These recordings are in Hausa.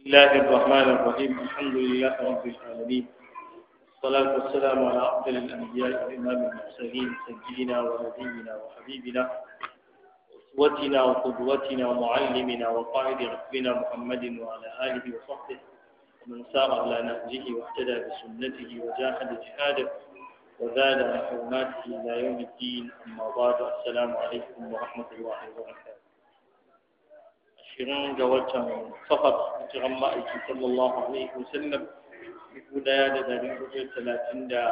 بسم الله الرحمن الرحيم الحمد لله رب العالمين الصلاة والسلام على أفضل الأنبياء وإمام المرسلين سيدنا ونبينا وحبيبنا أسوتنا وقدوتنا ومعلمنا وقائد ربنا محمد وعلى آله وصحبه ومن سار على نهجه واهتدى بسنته وجاهد جهاده وزاد حرماته إلى يوم الدين أما بعد السلام عليكم ورحمة الله وبركاته ashirin ga watan safar hijiran ma'aiki sallallahu alaihi wasallam dubu daya da dari hudu talatin da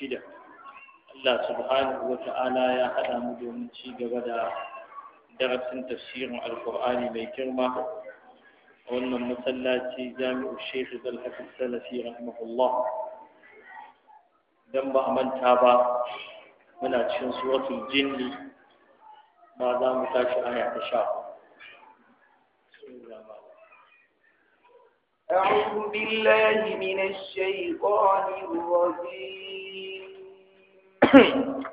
shida Allah subhanahu wa ta'ala ya haɗa mu domin ci gaba da darasin tafsirin alkur'ani mai girma a wannan masallaci jami'u shekhu zalhafi salafi rahimahullah dan ba a manta ba muna cikin suratul jinni ba za mu tashi aya ta sha أعوذ بالله من الشيطان الرجيم بسم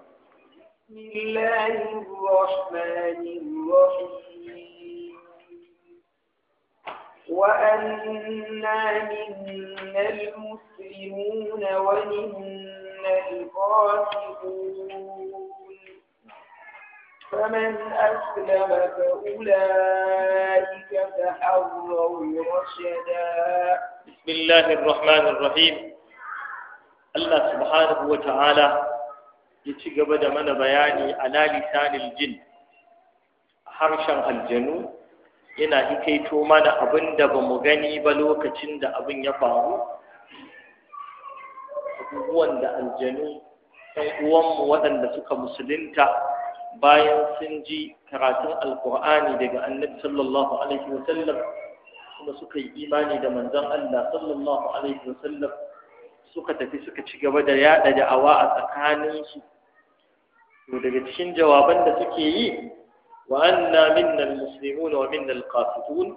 الله الرحمن الرحيم وأنا منا المسلمون ومنا القاسطون فمن أسلم فأولئك تحروا رشدا بسم الله الرحمن الرحيم الله سبحانه وتعالى يتشغب دمنا بياني على لسان الجن harshen aljanu yana hikaito mana abin da ba mu gani ba lokacin da abin ya faru abubuwan da aljanu ɗan uwanmu waɗanda suka musulunta bayan sun ji karatun alkur'ani daga annabi sallallahu alaihi wasallam kuma suka yi imani da manzon Allah sallallahu alaihi wasallam suka tafi suka ci gaba da yada da'awa a tsakanin tsakaninsu to daga cikin jawaban da suke yi wa anna minna almuslimun wa minna alqasitun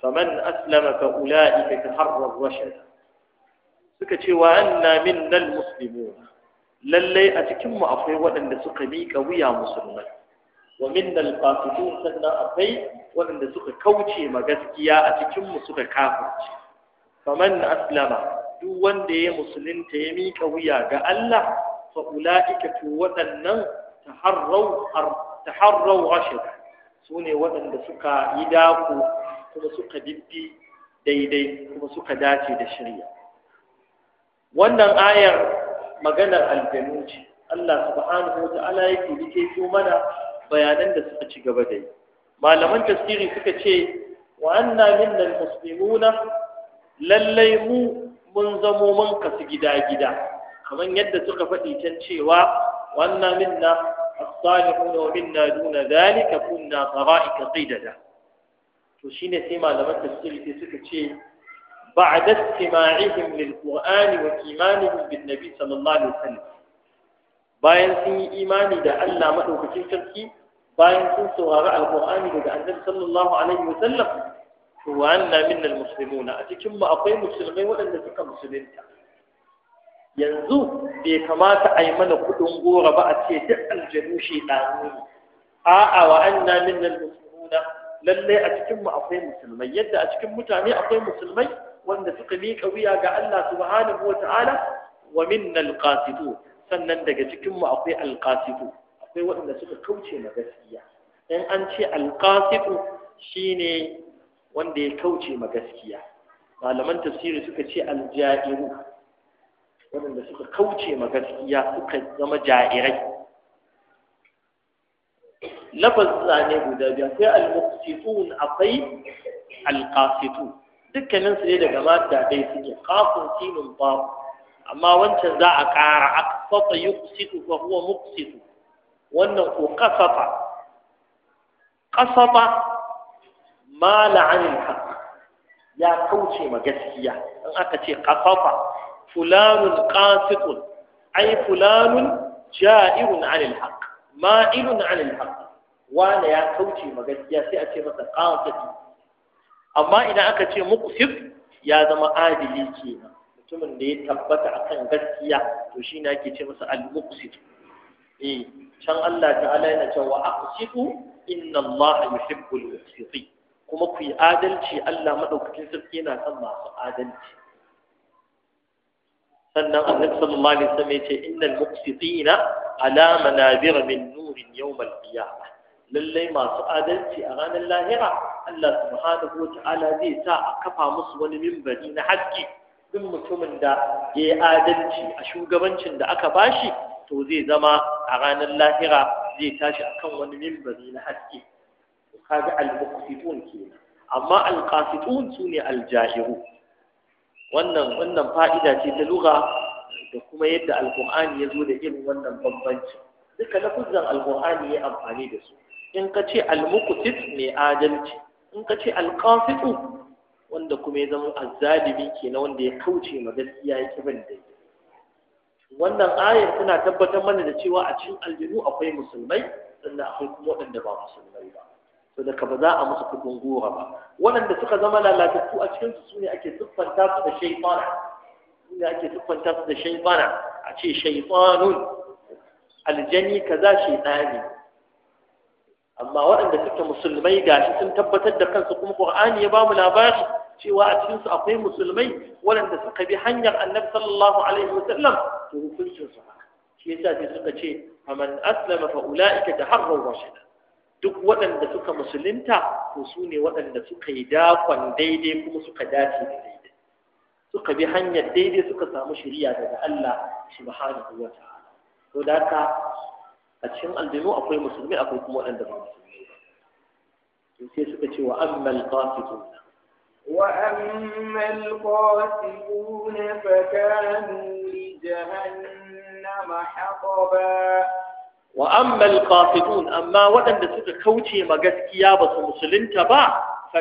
faman aslama fa ulaika taharrar rashad suka ce wa anna minna almuslimun lallai a cikinmu akwai waɗanda suka miƙa wuya musulmai wa minnal qasitun sannan akwai waɗanda suka kauce ma gaskiya a cikinmu suka kafirce faman aslama duk wanda ya musulunta ya miƙa wuya ga Allah fa ulaika to waɗannan taharraw taharraw rashid sune waɗanda suka yi dako kuma suka bibbi daidai kuma suka dace da shirya wannan ayar maganar aljanu ce Allah subhanahu wa ta'ala yake rike mana bayanan da suka ci gaba da yi malaman tafsiri suka ce wa anna minna almuslimuna lallai mu mun zamo mun kasu gida gida kamar yadda suka faɗi can cewa wa anna minna as-salihun wa minna duna dhalika kunna qara'ika qidada to shine sai malaman tafsiri sai suka ce بعد استماعهم للقرآن وإيمانهم بالنبي صلى الله عليه وسلم bayan sun yi imani da Allah madaukakin sarki bayan sun saurari alqur'ani daga annabi sallallahu alaihi wa sallam to wa anna minnal muslimuna a cikin mu akwai musulmai waɗanda suka musulunta yanzu bai kamata a yi mana kuɗin gora ba a ce duk aljanu shi ɗanu a'a wa anna minnal muslimuna lallai a cikin mu akwai musulmai yadda a cikin mutane akwai musulmai wanda suka miƙa wuya ga Allah subhanahu wa ta'ala wa minnal qasitun sannan daga cikin mu akwai alqasitu akwai waɗanda suka kauce ma gaskiya in an ce alqasitu shine wanda ya kauce ma gaskiya malaman tafsiri suka ce aljairu waɗanda suka kauce ma gaskiya suka zama jairai lafaz zane guda biyu akwai al-muqsitun akwai al-qasitun dukkanin su ne daga mata dai suke kafin sinun ba amma wancan za a ƙara a yi kusitu ba kuwa mukusitu wannan ko kasafa kasafa ma la'anin ka ya kauce ma gaskiya in aka ce kasafa fulanun qasitun ai fulanun ja'irun 'anil ma ma'ilun 'anil haqq wanda ya kauce ma gaskiya sai a ce masa qasitu amma idan aka ce muqsif ya zama adili kenan mutumin da ya tabbata akan gaskiya to shi ne ake ce masa al-muqsit eh can Allah ta'ala yana cewa aqsitu inna Allah yuhibbul muqsitin kuma ku yi adalci Allah madaukakin sarki yana son masu adalci sannan annabi sallallahu alaihi wasallam yace innal muqsitina ala manabir min nurin yawm al-qiyamah lalle masu adalci a ranar lahira Allah subhanahu wata'ala zai sa a kafa musu wani mimbari na haske duk mutumin da ya yi adalci a shugabancin da aka bashi to zai zama a ranar lahira zai tashi akan wani mimbari na haske kaga al-muqsitun kenan amma al-qasitun sune al-jahiru wannan wannan fa'ida ce ta lugha da kuma yadda al-qur'ani ya zo da irin wannan bambanci duka lafuzan al-qur'ani ya amfani da su in ka ce al-muqsit mai adalci in ka ce alƙafitu wanda kuma ya zama azzalimi ke na wanda ya kauce ma gaskiya ya ƙi bin dai wannan ayar tana tabbatar mana da cewa a cikin aljihu akwai musulmai sannan akwai kuma waɗanda ba musulmai ba to daga ba za a musu kudin gora ba waɗanda suka zama lalatattu a cikin su ne ake siffanta su da su ne ake siffanta su da shaifana a ce shaifanun aljani kaza ne. amma waɗanda suke musulmai gashi sun tabbatar da kansu kuma qur'ani ya bamu labari cewa a cikin su akwai musulmai waɗanda suka bi hanyar annabi sallallahu alaihi sallam, to hukuncin su shi yasa sai suka ce faman aslama fa ulaika taharraw rashida duk waɗanda suka musulunta to su ne waɗanda suka yi dakon daidai kuma suka dace da daidai suka bi hanyar daidai suka samu shiriya daga Allah subhanahu wa ta'ala to da haka a cikin aljanu akwai musulmi akwai waɗanda ba musulmi ba to suka ce wa ammal qasidun wa ammal qasidun fa amma waɗanda suka kauce ma gaskiya ba su musulunta ba fa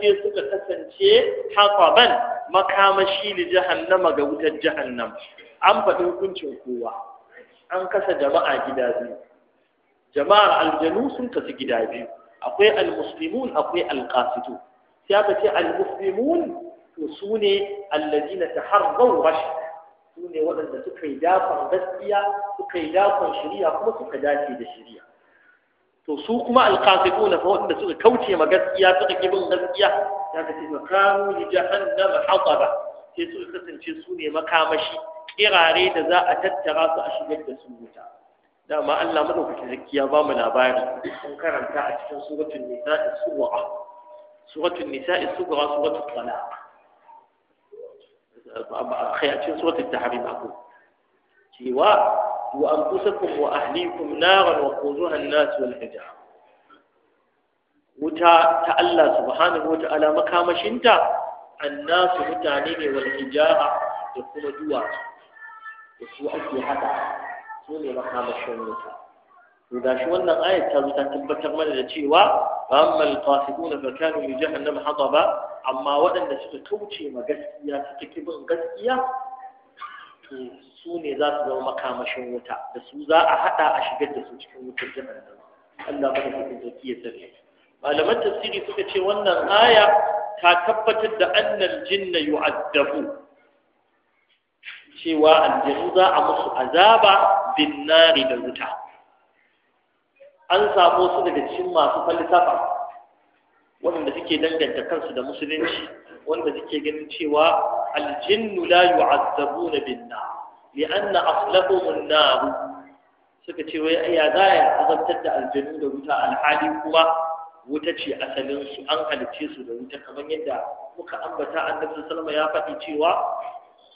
suka kasance haqaban makamashi li jahannama ga wutar jahannama an faɗin hukuncin kowa an kasa jama'a gida biyu jama'ar aljanu sun kasu gida biyu akwai almuslimun akwai alqasitu sai aka ce almuslimun to su ne allazina taharraw bashi. su ne waɗanda suka yi dafan gaskiya suka yi dafan shari'a kuma suka dace da shari'a to su kuma alqasitu na fa waɗanda suka kauce ma gaskiya suka ki bin gaskiya ya ka ce makamu li jahannama hataba sai suka kasance su ne makamashi kirare da za a tattara su a shigar da su wuta dama Allah madaukakin sarki ya ba mu labari an karanta a cikin suratul nisa'i suwa suratul nisa'i suwa suratul talaq akai a cikin suratul tahrim akwai cewa wa anfusakum wa ahlikum naran wa quduha an-nas wal hijara wuta ta Allah subhanahu wa ta'ala makamashinta annasu mutane ne wal hijara da kuma duwatsu da su ake haɗa su ne makamashin wuta to da shi wannan ayat ta ta tabbatar mana da cewa amma al-fasiqun fa kanu li jahannam hadaba amma waɗanda suka kauce ma gaskiya suka ki bin gaskiya to su ne za su zama makamashin wuta da su za a haɗa a shigar da su cikin wutar jahannam Allah mana cikin zaki ya sani malaman tafsiri suka ce wannan aya ta tabbatar da annal jinna yu'addabu cewa aljanu za a musu azaba binnari da wuta an samu su daga cikin masu falsafa wanda suke danganta kansu da musulunci wanda suke ganin cewa aljinnu la yu'azzabuna bin nar li'anna aslahum an-nar suka ce wai ya za ya azabtar da aljanu da wuta alhali kuma wuta ce asalin su an halicce su da wuta kamar yadda muka ambata annabi sallallahu ya faɗi cewa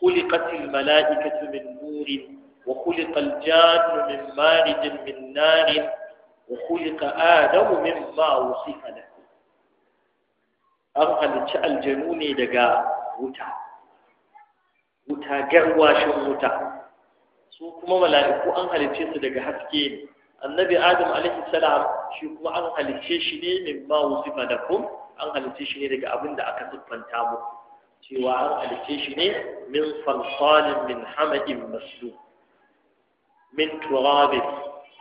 خلقت الملائكة من نور وخلق الجان من مارج من نار وخلق آدم مما وصف له an halicci aljanu ne daga wuta wuta garwashin wuta su kuma mala'iku an halicce su daga haske annabi adam alaihi salam shi kuma an halicce shi ne min ma wusifa lakum an halicce shi ne daga abin da aka siffanta muku cewa an halice shi ne min salsalin min hamadin maslu min turabin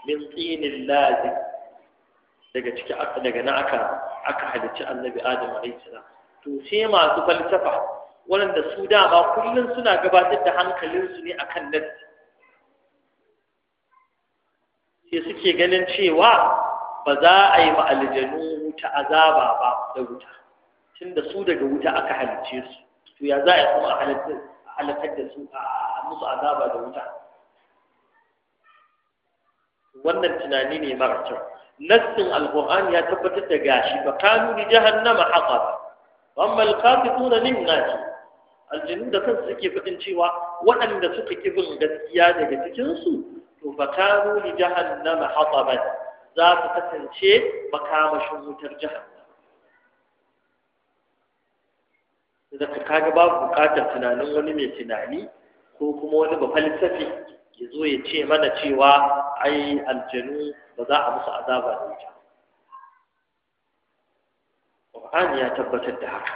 min tsinin lazim daga ciki aka daga na aka aka halice annabi adam alaihi salam to sai masu falsafa waɗanda su dama kullum suna gabatar da hankalinsu ne akan nan sai suke ganin cewa ba za a yi ma aljanu wuta azaba ba da wuta tunda su daga wuta aka halicce su to ya za a kuma da su a musu azaba da wuta wannan tunani ne mara kyau nassin alquran ya tabbatar da gashi ba kanu li jahannama haqab amma alqafituna lin nasi aljinnu da kansu suke fadin cewa waɗanda suka ki bin gaskiya daga cikinsu? to ba kanu li jahannama haqaban za su kasance makamashin wutar jahannama zaka kaga babu bukatar tunanin wani mai tunani ko kuma wani ba falsafi ya zo ya ce mana cewa ai aljanu ba za a musu azaba da wuta Qur'ani ya tabbatar da haka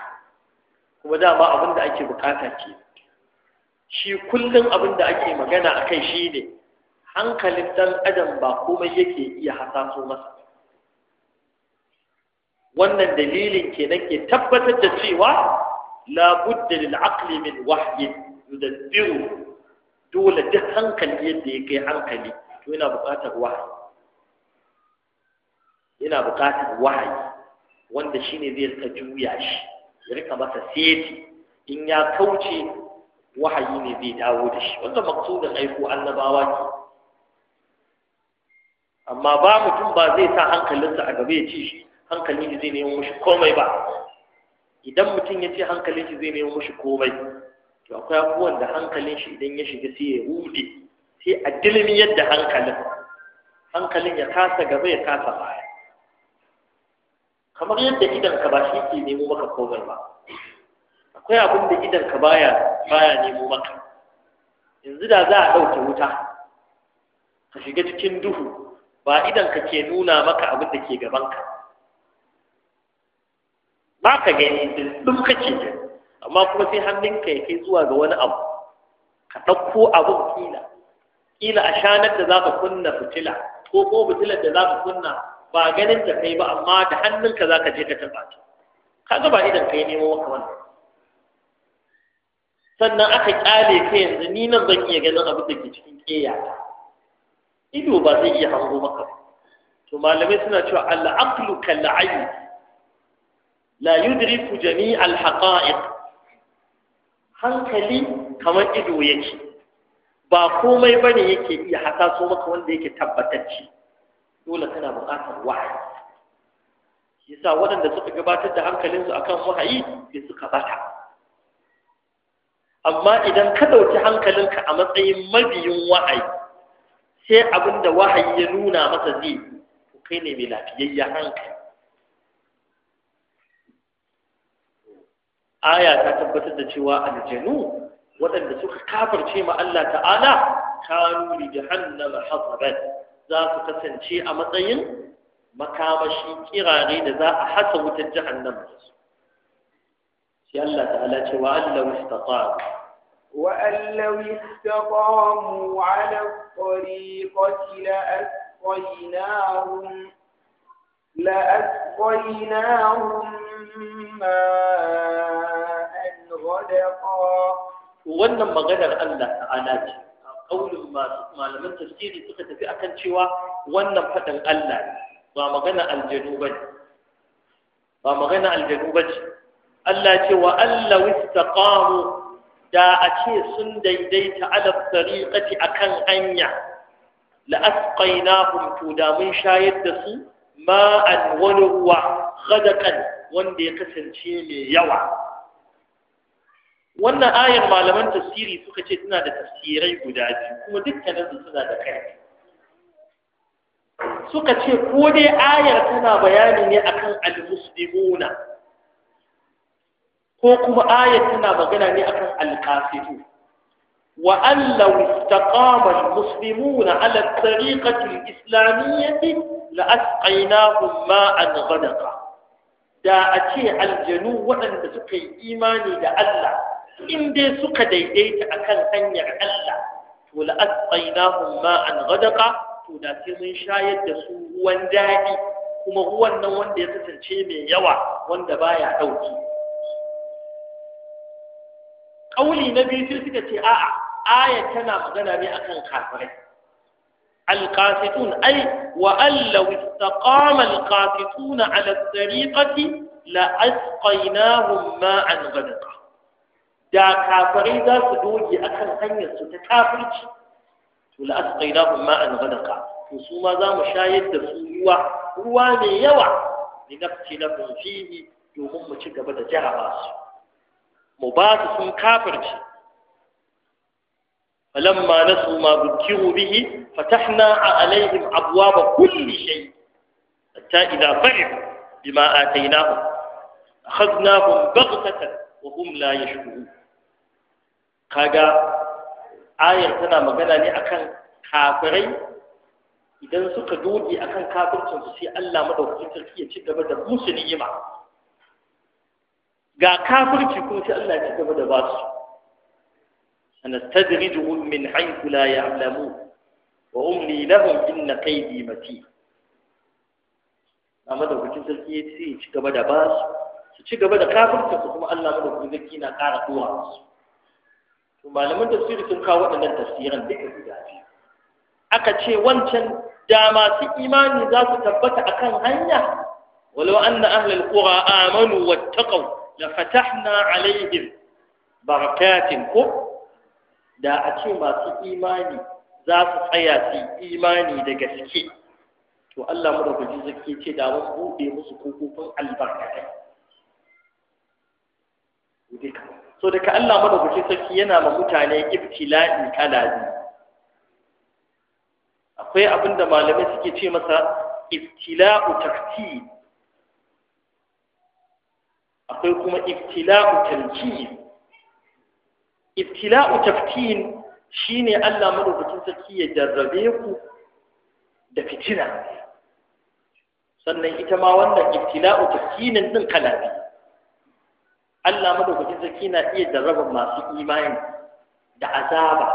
kuma dama abin da ake bukata ke shi kullum abin da ake magana a kai shi ne hankalin dan adam ba komai yake iya hasaso masa wannan dalilin kenan ke tabbatar da cewa la budda lil aqli min wahyi yudabbiru dole duk hankali yadda ya kai hankali to yana buƙatar wahayi yana buƙatar zai rika juya shi ya rika masa seti in ya kauce wahayi ne zai dawo da shi wanda maksudin aiko annabawa ke amma ba mutum ba zai sa hankalinsa a gaba ya ci shi hankali zai nemo shi komai ba idan mutum ya ce hankalin shi zai nemo shi komai to akwai abubuwan da hankalin shi idan ya shiga sai ya rude sai a dilimi yadda hankalin hankalin ya kasa gaba ya kasa baya kamar yadda idan ka ba shi ke nemo maka komai ba akwai abin da idan ka baya baya nemo maka yanzu da za a ɗauke wuta ka shiga cikin duhu ba idan ka ke nuna maka abin da ke gabanka ba ka gani duk kake amma kuma sai hannunka ya kai zuwa ga wani abu ka ɗauko abin kila kila a shanar da za ka kunna fitila ko ko fitilar da za ka kunna ba ganin da kai ba amma da hannunka za ka je ka taɓa ta Ka kaga ba idan kai nemo maka wannan sannan aka ƙyale ka yanzu ni nan zan iya ganin abin da ke cikin keya ido ba zai iya hango maka ba to malamai suna cewa al'aqlu kal ayn la ku jami' al hankali kamar ido yake ba komai bane yake iya hasaso maka wanda yake ci dole kana buƙatar wahayi yasa waɗanda suka gabatar da hankalinsu akan wahayi sai suka bata amma idan ka ɗauki hankalinka a matsayin mabiyin wahayi sai abin da wahayi ya nuna masa zai kai ne mai lafiyayya hankali aya ta tabbatar da cewa aljanu waɗanda suka kafirce ma Allah ta'ala kanu li jahannama hasaban za su kasance a matsayin makamashi kirare da za a hasa wutar jahannama da su sai Allah ta'ala ce wa Allah istaqam wa allaw istaqamu ala tariqati la asqaynahum la وأسقيناهم ماء غدقا wannan maganar Allah ta'ala ce kaulin malaman tafsiri suka tafi akan cewa wannan faɗin Allah ba magana aljanu ba ba magana aljanu ba ce Allah ce wa Allah wistaqamu da a ce sun daidaita ala tariqati akan hanya la asqaynahum to da mun shayar da su ma'an wani ruwa gadakan wanda ya kasance mai yawa wannan ayar malaman tafsiri suka ce suna da tafsirai guda biyu kuma dukkaninsu suna da kai suka ce ko dai ayar tana bayani ne akan al-muslimuna ko kuma ayar tana magana ne akan al-kafiru wa an law istaqama al-muslimuna ala tariqati al-islamiyyah la'asqaynahum ma'an ghadaqa da a ce aljanu waɗanda suka yi imani da Allah in dai suka daidaita akan hanyar Allah to la'asqaynahum ma'an ghadaqa to da sai mun shayar da su ruwan daɗi kuma ruwan nan wanda ya kasance mai yawa wanda baya ɗauki ƙauli na biyu sai suka ce a'a aya tana magana ne akan kafirai القاسطون أي وأن لو استقام القاسطون على الطريقة لأسقيناهم ماء غدقا دا كافري ذا سدوجي أكل هنيا ستكافرج لأسقيناهم ماء غدقا وسوما ذا مشايد دسويوا رواني يوا لنفتنهم فيه domin mu ci gaba da jaraba su mu ba su sun kafirci falamma nasu ma bukiru bihi فتحنا عليهم أبواب كل شيء حتى إذا فرحوا بما آتيناهم أخذناهم بغتة وهم لا يشكرون kaga ayar tana magana ne akan kafirai idan suka doge akan kafircin su sai Allah madaukakin sarki ya ci gaba da musu ni'ima ga kafirci kuma sai Allah ya ci gaba da basu sanastadrijuhum min haythu la ya'lamun wa umli lahum inna kaydi mati amma da kucin sarki ya ce ci gaba da basu su ci gaba da kafirta su kuma Allah madaukakin sarki na ƙara kowa su to malaman tafsiri sun kawo waɗannan tafsiran duka guda biyu aka ce wancan da masu imani za su tabbata akan hanya walau anna ahlul qura amanu wattaqu la fatahna alaihim barakatin ko da a ce masu imani za su tsaya su imani da gaske to Allah madaukakin sarki ce da wasu bude musu kofofin albarkatai so daga Allah madaukakin sarki yana ma mutane ibtila'i kala ne. akwai abin da malamai suke ce masa ibtila'u takti akwai kuma ibtila'u tanki ibtila'u taftin Shi ne Allah madaukakin sarki ya jarrabe ku da fitina sannan ita ma wannan ibtila'u tafkinin din kalabi Allah madaukakin sarki na iya jarraba masu imani da azaba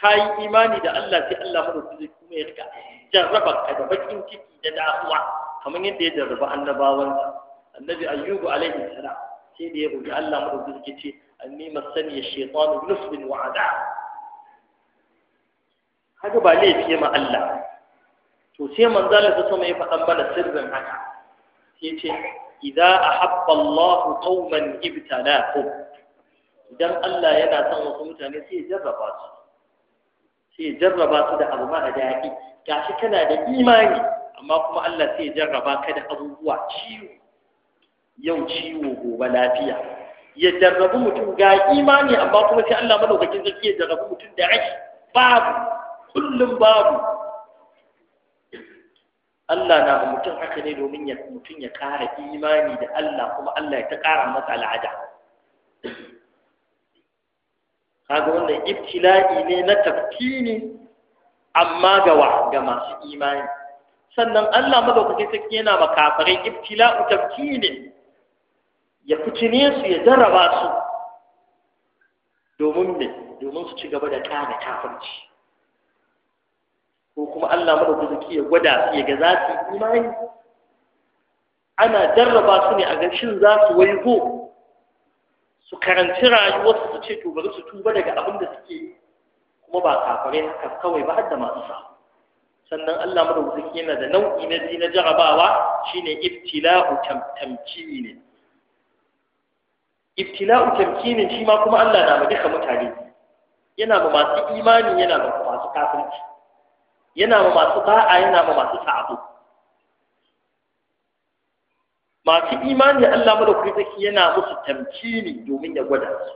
kai imani da Allah sai Allah madaukakin sarki kuma ya rika jarraba ka da bakin ciki da damuwa kamar yadda ya jarraba annabawansa annabi ayyubu alaihi salam sai da ya roki Allah madaukakin sarki ce annima masani shaytanu nusbin wa'ada kaga ba laifi ma Allah to sai manzo Allah ta sama ya faɗa mana sirrin haka sai ce idza ahabba Allah qauman ibtalahum idan Allah yana son wasu mutane sai ya jarraba su sai ya jarraba su da abu mara daɗi gashi kana da imani amma kuma Allah sai ya jarraba ka da abubuwa ciwo yau ciwo gobe lafiya ya jarrabu mutum ga imani amma kuma sai Allah madaukakin sarki ya jarrabu mutum da rashi babu kullum babu Allah na ga mutum haka ne domin ya mutum ya ƙara imani da Allah kuma Allah ya ta ƙara masa al'ada kaga wannan ibtila'i ne na tafkini amma ga wa ga masu imani sannan Allah madaukakin sarki yana makafarai ibtila'u tafkini ya fitine su ya jarraba su domin ne domin su ci gaba da ƙara kafirci ko kuma Allah madaukaki ya gwada su ya ga za su imani ana jarraba su ne a ga shin za su waigo su karanci rayuwar su ce to bari su tuba daga abin da suke kuma ba kafare haka kawai ba har da masu sa sannan Allah madaukaki yana da nau'i na biyu na jarrabawa shine ibtila'u tamkini ibtila'u tamkini shi ma kuma Allah na ma duka mutane yana ma masu imani yana ma masu kafirci yana ma masu ba'a yana ma masu sa'adu masu imani Allah madaukaki zaki yana musu tamkini domin ya gwada su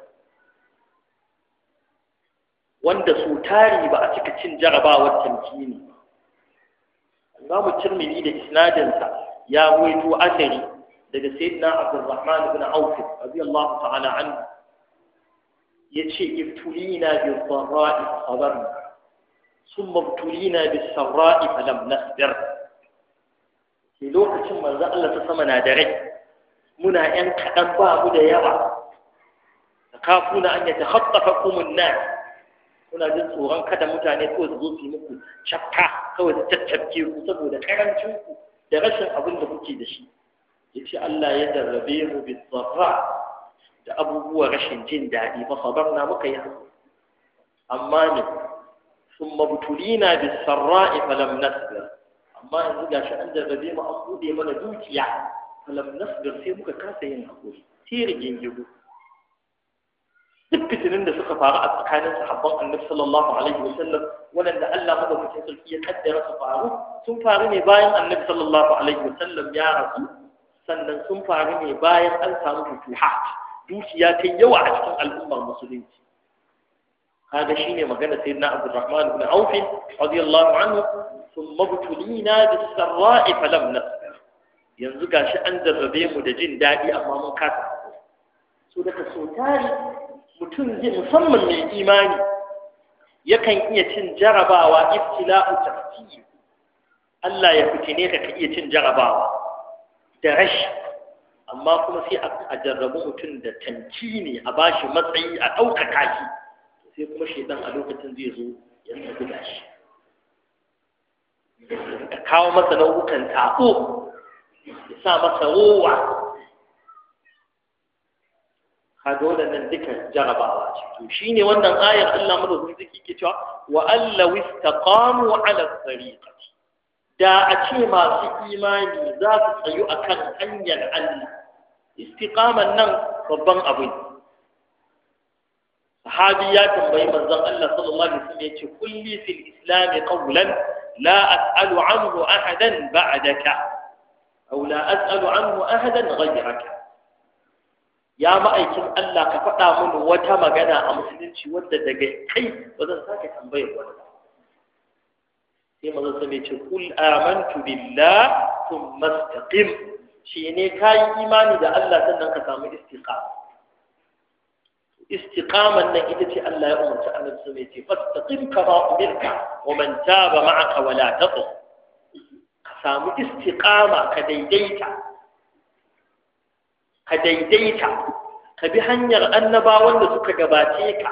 wanda su tari ba a cika cin jarabawar tamkini Za mu Tirmidhi da isnadinsa ya waito asari daga Sayyidina Abdurrahman ibn Auf radiyallahu ta'ala anhu yace ibtulina bi dharra'i sabarna sun mabtulina da sarra'i ifalam na sabir ke lokacin manzo Allah ta sama na da rai muna ƴan kaɗan ba da yawa da kafuna an yata hattafa kumun na jin tsoron kada mutane kawai su zo su muku cakka kawai su caccabke ku saboda karancin ku da rashin abin da kuke da shi ya ce Allah ya darrabe mu bi sarra da abubuwa rashin jin daɗi ba sabar na muka yi amma ne ثم ابتلينا بالسراء فلم نصبر أما إن قلنا شأن جربي ما أقول ما ندوك يعني فلم نصبر سيبك كاسين أقول سير جنجبو duk fitinin da suka faru a tsakanin sahabban annabi sallallahu alaihi sallam wanda Allah madaukakin sarki ya kaddara su faru sun faru ne bayan annabi sallam ya rasu sannan sun faru ne bayan an samu futuhat dukiya ta yawa a cikin al'ummar musulunci هذا شيء مجال سيدنا عبد الرحمن بن عوف رضي الله عنه ثم ابتلينا بالسراء فلم نصبر yanzu gashi an jarrabe mu da jin daɗi amma mun so mutum musamman mai imani yakan iya cin jarabawa ibtila'u tafsir Allah ya fitine ka ka iya cin jarabawa da rashi amma kuma sai a jarrabu mutum da tanki ne a bashi matsayi a ɗaukaka shi sai kuma shaidan a lokacin zai zo ya tsaku da shi ka kawo masa nau'ukan taɓo ya sa masa rowa kaga waɗannan duka jarabawa ce to shine wannan ayar Allah madaukakin sarki ke cewa wa allaw istaqamu ala tariqati da a ce masu imani za su tsayu akan hanyar Allah istiqaman nan babban abu ne sahabi ya tambayi manzon Allah sallallahu alaihi wasallam yace kulli fil islam qawlan la as'alu anhu ahadan ba'daka aw la as'alu anhu ahadan ghayraka ya ma'aikin Allah ka faɗa mini wata magana a musulunci wadda daga kai ba zan sake tambayar wani ba sai manzon sallallahu alaihi wasallam yace kul amantu billah thumma istaqim shi ne kai imani da Allah sannan ka samu istiqama istiqaman nan ita ce Allah ya umarci annabi sai ya ce fastaqim kama umirka wa man taba ma'aka wala taqu ka samu istiqama ka daidaita ka daidaita ka bi hanyar annabawan da suka gabace ka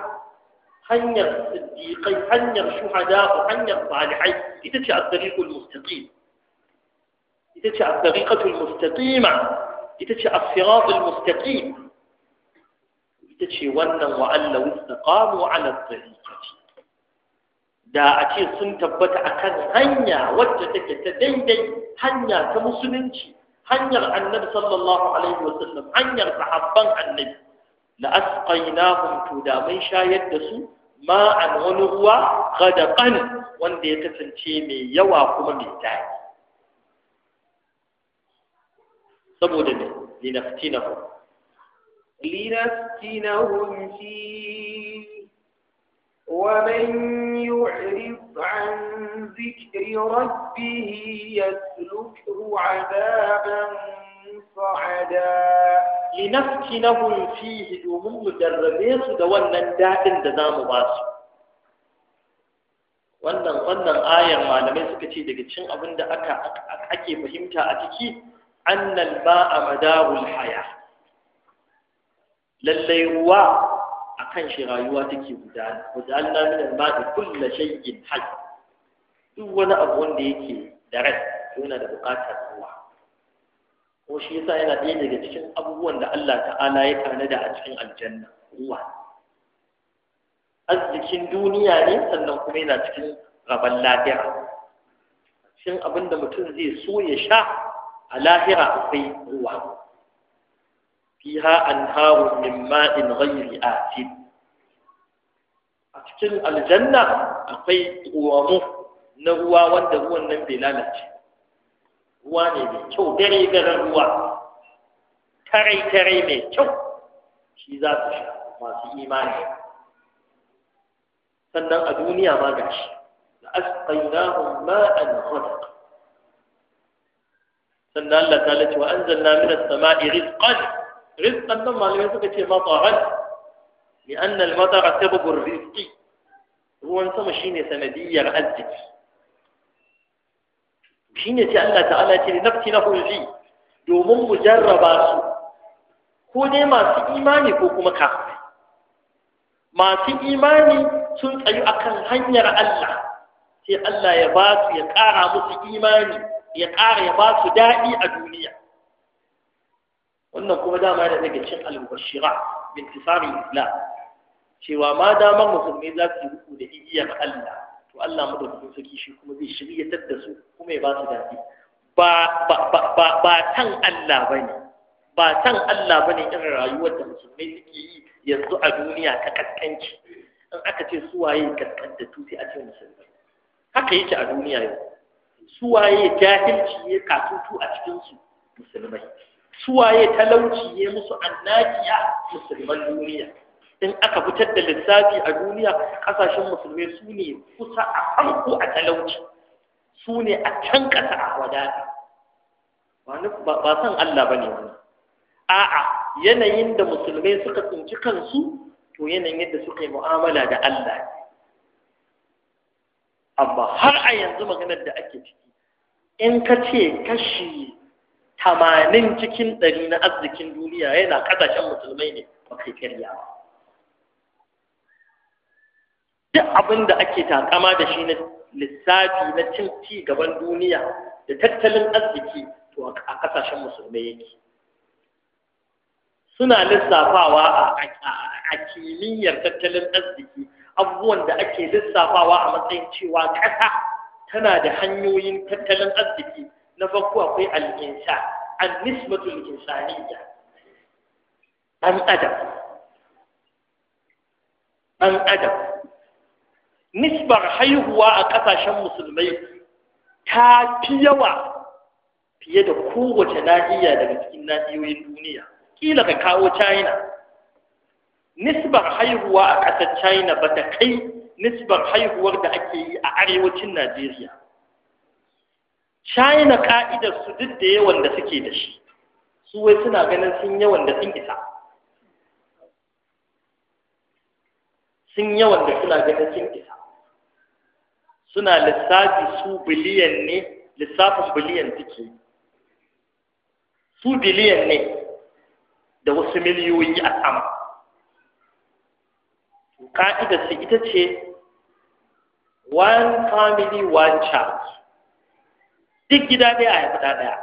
hanyar siddiqai hanyar shuhada hanyar salihai ita ce as-sariqul mustaqim ita ce as-sariqatul mustaqima ita ce as-siratul mustaqim ita ce wannan wa'alla wustaqamu ala tariqati da a ce sun tabbata akan hanya wacce take ta daidai hanya ta musulunci hanyar annabi sallallahu alaihi wasallam hanyar sahabban annabi la asqaynahum to da shayar da su ma'an wani ruwa ghadaqan wanda ya kasance mai yawa kuma mai daɗi saboda ne linaftinahum لنفتنهم فيه ومن يعرض عن ذكر ربه يسلكه عذابا صعدا لنفتنهم فيه دومن مجربين da wannan daɗin da zamu ba wannan wannan ayar malamai suka ce daga cin abin da aka ake fahimta a ciki annal a madarul haya lallai ruwa a kan shi rayuwa take gudana wajanna min ba da kulla shay'in hayy duk wani abu wanda yake da rai yana da buƙatar ruwa ko shi yasa yana ɗaya daga cikin abubuwan da Allah ta'ala ya tanada a cikin aljanna ruwa arzikin duniya ne sannan kuma yana cikin rabon lahira shin abinda mutum zai so ya sha a lahira akwai ruwa فيها أنهار من ماء غير آسد أتكن الجنة أقي قوامه نروا وند هو النم بلالة واني بي شو دري برروا تري تري مي شو شي ذات ما في إيمان sannan a ما ma لأسقيناهم ماء غدق ma'an الله sannan وأنزلنا من السماء رزقا rizqan nan malamai suka ce mata'an li anna al-matara sababu rizqi ruwan sama shine sanadiyyar arziki shine sai Allah ta'ala ce nafsi na fi domin mu jarraba su ko dai masu imani ko kuma kafirai masu imani sun tsayu akan hanyar Allah sai Allah ya ba su ya ƙara musu imani ya ƙara ya ba su daɗi a duniya wannan kuma dama yana daga cin al-mubashira bin tisari islam cewa ma damar musulmi za su yi riko da igiyar Allah to Allah mu da kuma saki shi kuma zai shiryatar da su kuma ya ba su dadi ba ba ba ba tan Allah bane ba san Allah bane irin rayuwar da musulmai suke yi yanzu a duniya ta kaskanci in aka ce suwaye kaskanta tu sai a ce musulmai haka yake a duniya yau su waye jahilci ya katutu a cikin su musulmai suwaye talauci ya musu annakiya musulman duniya in aka fitar da lissafi a duniya kasashen musulmai su ne kusa a farko a talauci su ne a can kasa a wadata ba san Allah ba ne wani a'a yanayin da musulmai suka tsinci kansu to yanayin yadda suka yi mu'amala da Allah amma har a yanzu maganar da ake ciki in ka ce kashi tamanin cikin ɗari na arzikin duniya yana ƙasashen musulmai ne ba kai karya duk abin da ake takama da shi na lissafi na cin ci gaban duniya da tattalin arziki to a ƙasashen musulmai yake suna lissafawa a kimiyyar tattalin arziki abubuwan da ake lissafawa a matsayin cewa ƙasa tana da hanyoyin tattalin arziki na farko akwai al an-nisbatu al an adam an adam nisbar haihuwa a kasashen musulmai ta fi yawa fiye da kowace nahiya daga cikin nahiyoyin duniya kila ka kawo china nisbar haihuwa a ƙasar china ba ta kai nisbar haihuwar da ake yi a arewacin najeriya china ka'idar su duk da yawan da suke da shi su wai suna ganin sun yawan da sun isa sun yawan da suna ganin sun isa suna lissafi su biliyan ne lissafin biliyan take su biliyan ne da wasu miliyoyi a sama ka'idar su ita ce one family one child duk gida ɗaya a haifi ɗaya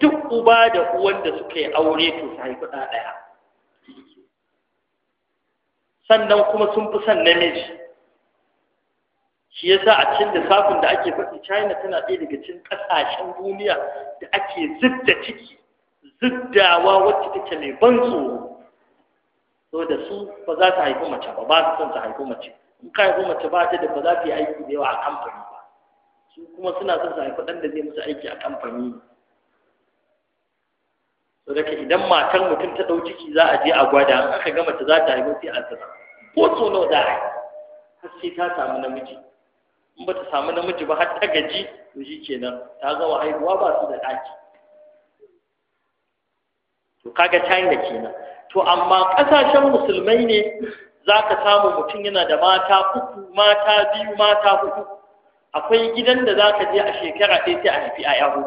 duk uba da uwan da suka yi aure to su haifi ɗaya sannan kuma sun fi son namiji shi yasa a cikin lissafin da ake faɗi china tana ɗaya daga cikin ƙasashen duniya da ake zidda ciki ziddawa wacce take mai ban tsoro so da su ba za ta haifi mace ba ba su son ta haifi mace in ka haifi mace ba ta da ba za ta yi aiki da yawa a kamfani su kuma suna son sami kudin da zai musu aiki a kamfani so daga idan matar mutum ta ɗau ciki za a je a gwada an aka gama ta za ta haihu sai a ko so nawa za a yi har ta samu namiji in ba ta samu namiji ba har ta gaji to shi kenan ta gama haihuwa ba su da ɗaki to kaga da kenan to amma ƙasashen musulmai ne za ka samu mutum yana da mata uku mata biyu mata huɗu akwai gidan da za ka je a shekara ɗaya sai a haifi a yahu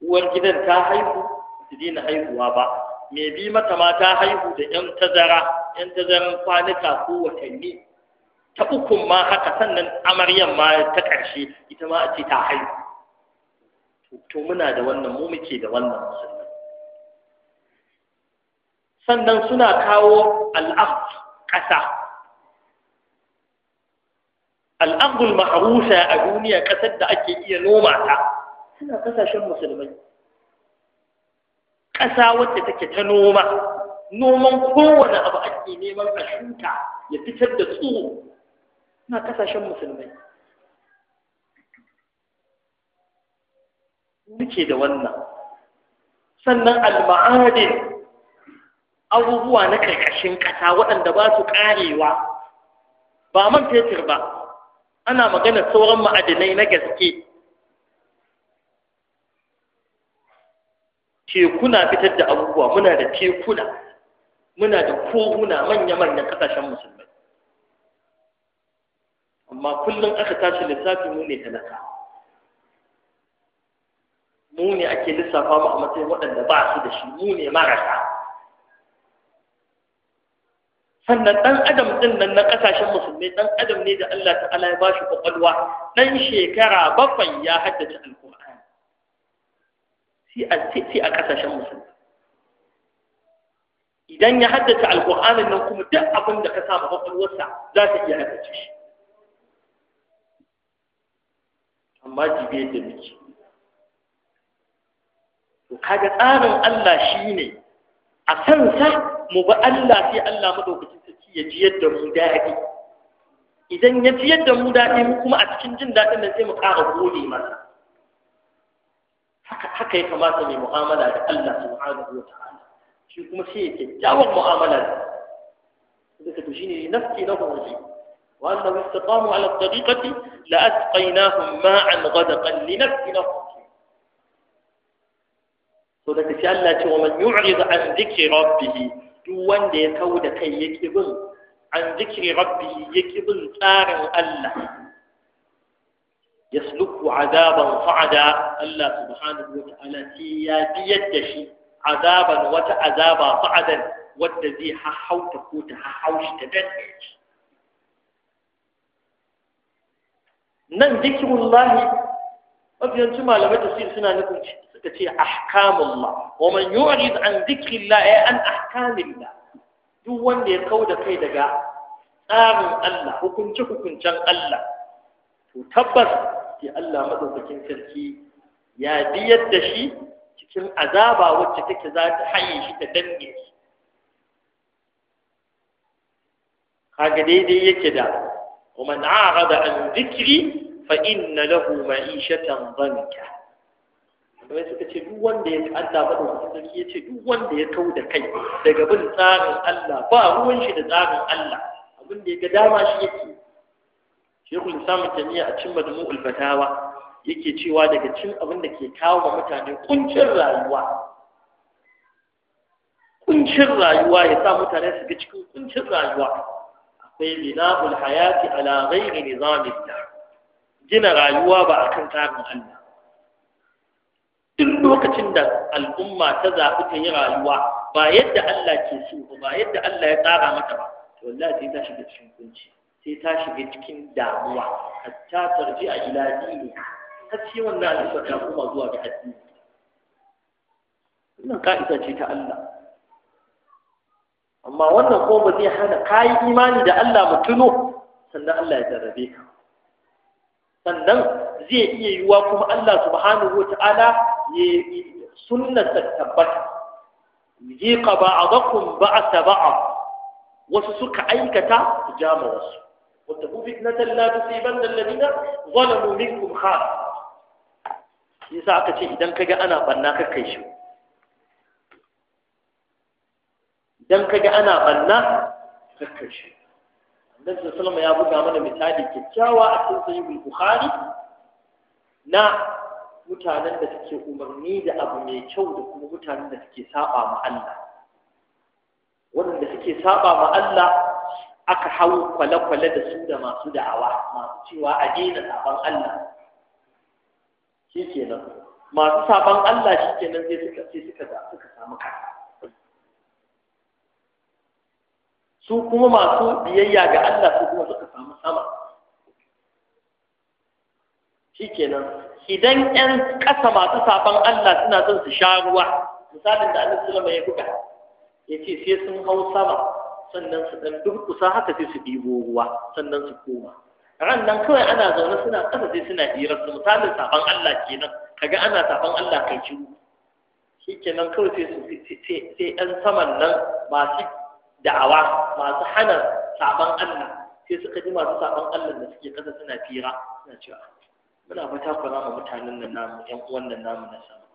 uwar gidan ta haihu su daina haihuwa ba Me bi mata ma ta haihu da ƴan tazara ƴan tazaran kwanuka ko watanni ta ukun ma haka sannan amaryan ma ta ƙarshe ita ma a ce ta haihu to muna da wannan mu muke da wannan musulman sannan suna kawo al'af ƙasa al'abdul maharusa a duniya ƙasar da ake iya noma ta suna ƙasashen musulmai ƙasa wadda take ta noma noman kowane abu ake neman a shuka ya fitar da tsoro suna ƙasashen musulmai muke da wannan sannan al-ma'adin abubuwa na ƙarƙashin ƙasa waɗanda ba su ƙarewa ba man fetur ba ana magana sauran ma'adinai na gaske tekuna fitar da abubuwa muna da tekuna muna da kohuna manya-manyan kasashen musulmai amma kullum aka tashi lissafi mu ne talaka mu ne ake lissafa mu a matsayin waɗanda ba su da shi mu ne marasa sannan ɗan adam ɗin nan na ƙasashen musulmi ɗan adam ne da Allah ta'ala ya ba shi ƙwaƙwalwa. ɗan shekara bakwai ya haddace alƙur'ani sai a sai a ƙasashen musulmi idan ya haddace alƙur'anin nan kuma duk abin da ka samu ƙwaƙwalwarsa za ta iya haddace shi amma jibe da muke to kaga tsarin Allah shine a kansa mu ba Allah sai Allah madaukakin sarki ya ji yadda mu daɗi idan ya ji yadda mu daɗi mu kuma a cikin jin daɗin nan sai mu ƙara gode masa haka haka ya kamata mai mu'amala da Allah subhanahu wa ta'ala shi kuma sai ya kyakkyawar mu'amala da daga to shine nafsi na hurri wa annahu istaqamu ala tariqati la asqaynahum ma'an ghadaqan li nafsi nafsi so daga ci Allah ce wa man yu'rid an dhikri rabbih duk wanda ya kauda kai yake bin an dhikri rabbih yake bin tsarin Allah يسلك عذابا صعدا الله سبحانه وتعالى تيابيت دشي عذابا وتعذابا صعدا والذي ححو تكوت ححوش تدنج نن ذكر الله mafiyancin malamai tafsir suna nufin suka ce ahkamullah wa man yu'rid an dhikrillah ay eh, an ahkamillah duk wanda ya da kai daga tsarin Allah hukunce hukuncen Allah to tabbas ke Allah madaukakin sarki ya biyar da shi cikin azaba wacce take za ta haye shi ta danne shi kaga daidai yake da wa man a'rada an dhikri fa na lahu ma'ishatan dhanka kamar suka ce duk wanda ya Allah ba da sarki ya ce duk wanda ya kau da kai daga bin tsarin Allah ba ruwan shi da tsarin Allah abin da ya ga dama shi yake Shekul Islam Tamiya a cikin Majmu'ul Fatawa yake cewa daga cin abin da ke kawo wa mutane kuncin rayuwa kuncin rayuwa ya sa mutane su ga cikin kuncin rayuwa akwai bina'ul hayati ala ghairi nizamin gina rayuwa ba a kan tsarin Allah duk lokacin da al'umma ta zaɓi ta yi rayuwa ba yadda Allah ke so ba ba yadda Allah ya tsara mata ba to wallahi sai ta shiga cikin kunci sai ta shiga cikin damuwa hatta tarji a ila dini har sai wannan al'umma ta koma zuwa ga addini wannan ka'ida ce ta Allah amma wannan ko ba zai hana kayi imani da Allah mu tuno sannan Allah ya jarrabe ka sannan zai iya yiwuwa kuma Allah subhanahu wa ta'ala ya ba tabbata bakun ba a ba'd wasu suka aikata jama wasu wattaku fitnatan na tusibanna alladhina zalamu minkum khas yasa aka ce idan kaga ana banna ka kai shi idan kaga ana banna ka kai shi Annabi sallallahu ya buga mana misali kyakkyawa a cikin sahihul Bukhari na mutanen da suke umarni da abu mai kyau da kuma mutanen da suke saba ma Allah waɗanda suke saba ma Allah aka hau kwale-kwale da su da masu da'awa masu cewa a daina saban Allah shikenan masu saban Allah shikenan sai suka sai suka suka samu kasa su kuma masu biyayya ga Allah su kuma suka samu sama nan idan ƴan ƙasa masu saban Allah suna son su sha ruwa misalin da su sallallahu ya buga ya ce sai sun hau sama sannan su duk kusa haka sai su ɗibo ruwa sannan su koma ran nan kawai ana zaune suna ƙasa sai suna hirar su misalin saban Allah kenan kaga ana saban Allah kai ciwo shikenan kawai sai su sai ƴan saman nan masu da'awa masu hana saban Allah sai suka ji masu saban Allah da suke kasa suna fira suna cewa muna fata kwana ma mutanen nan namu ƴan uwan nan namu na sama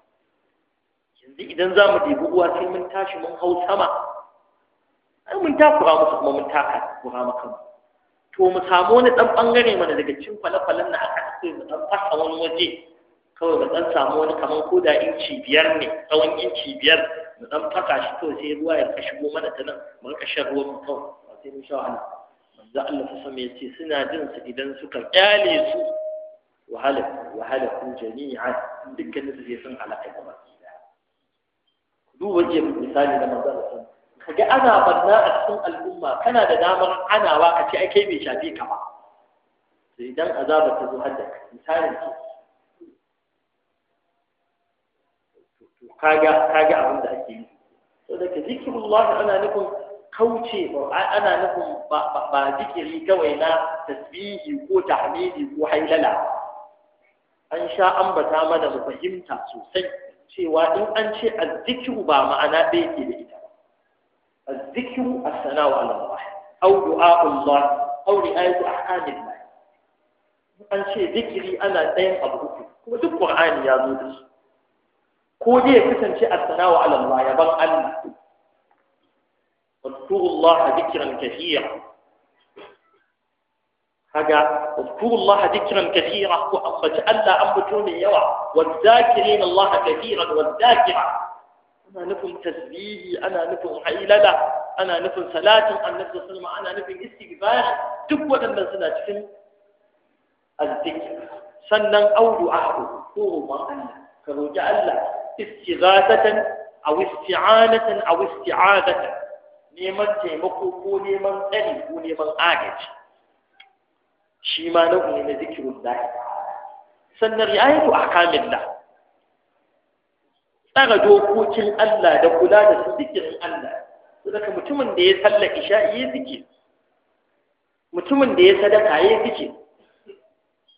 yanzu idan za mu ɗebi uwa sai mun tashi mun hau sama ai mun takura musu kuma mun taka kura maka to mu samu wani ɗan ɓangare mana daga cikin kwale-kwalen na aka sai mu ɗan fasa wani waje kawai mu ɗan samu wani kamar ko da inci biyar ne tsawon inci biyar mu dan faka shi to sai ruwa ya shigo mana ta nan mu ka shan ruwan mu kawai ba sai mun sha wahala manzo Allah ta sama yace suna jin su idan suka kyale su wahala wahala kun jami'a dukkanin su sai sun halaka gaba duba je misali da manzo Allah ga ana barna a cikin al'umma kana da damar hanawa ka ce ai kai bai shafe ka ba idan azaba ta zo hadda misalin ce kaga kaga abin da ake yi So da zikrullahi ana nufin kauce ana nufin ba zikiri kawai na tasbihi ko tahmidi ko hailala an sha ambata mana mu fahimta sosai cewa in an ce azzikiru ba ma'ana ɗaya ke da ita azzikiru as-sana'u ala Allah aw du'a'u Allah aw ri'ayatu ahkamillah an ce zikiri ana ɗayan abu uku kuma duk qur'ani ya zo da shi ko dai ala Allah ya ban Allah الله ذكرا كثيرا هذا اذكروا الله ذكرا كثيرا وأنبت ألا أنبتوا والذاكرين الله كثيرا والذاكرة أنا نفهم تسبيه أنا نفهم حيللة أنا نفهم صلاة أنا نفهم سلمة أنا نفهم استغفار تبوة من سنة الذكر سنن أو دعاه هو الله كروج الله istighathatan aw isti'anatan aw isti'adatan neman taimako ko neman tsari ko neman agaji shi ma na ne na zikirun zahir sannan ri'ayatu ahkamillah tsara dokokin Allah da kula da su zikirin Allah saboda mutumin da ya salla isha yi zikir mutumin da ya sadaka ya zikir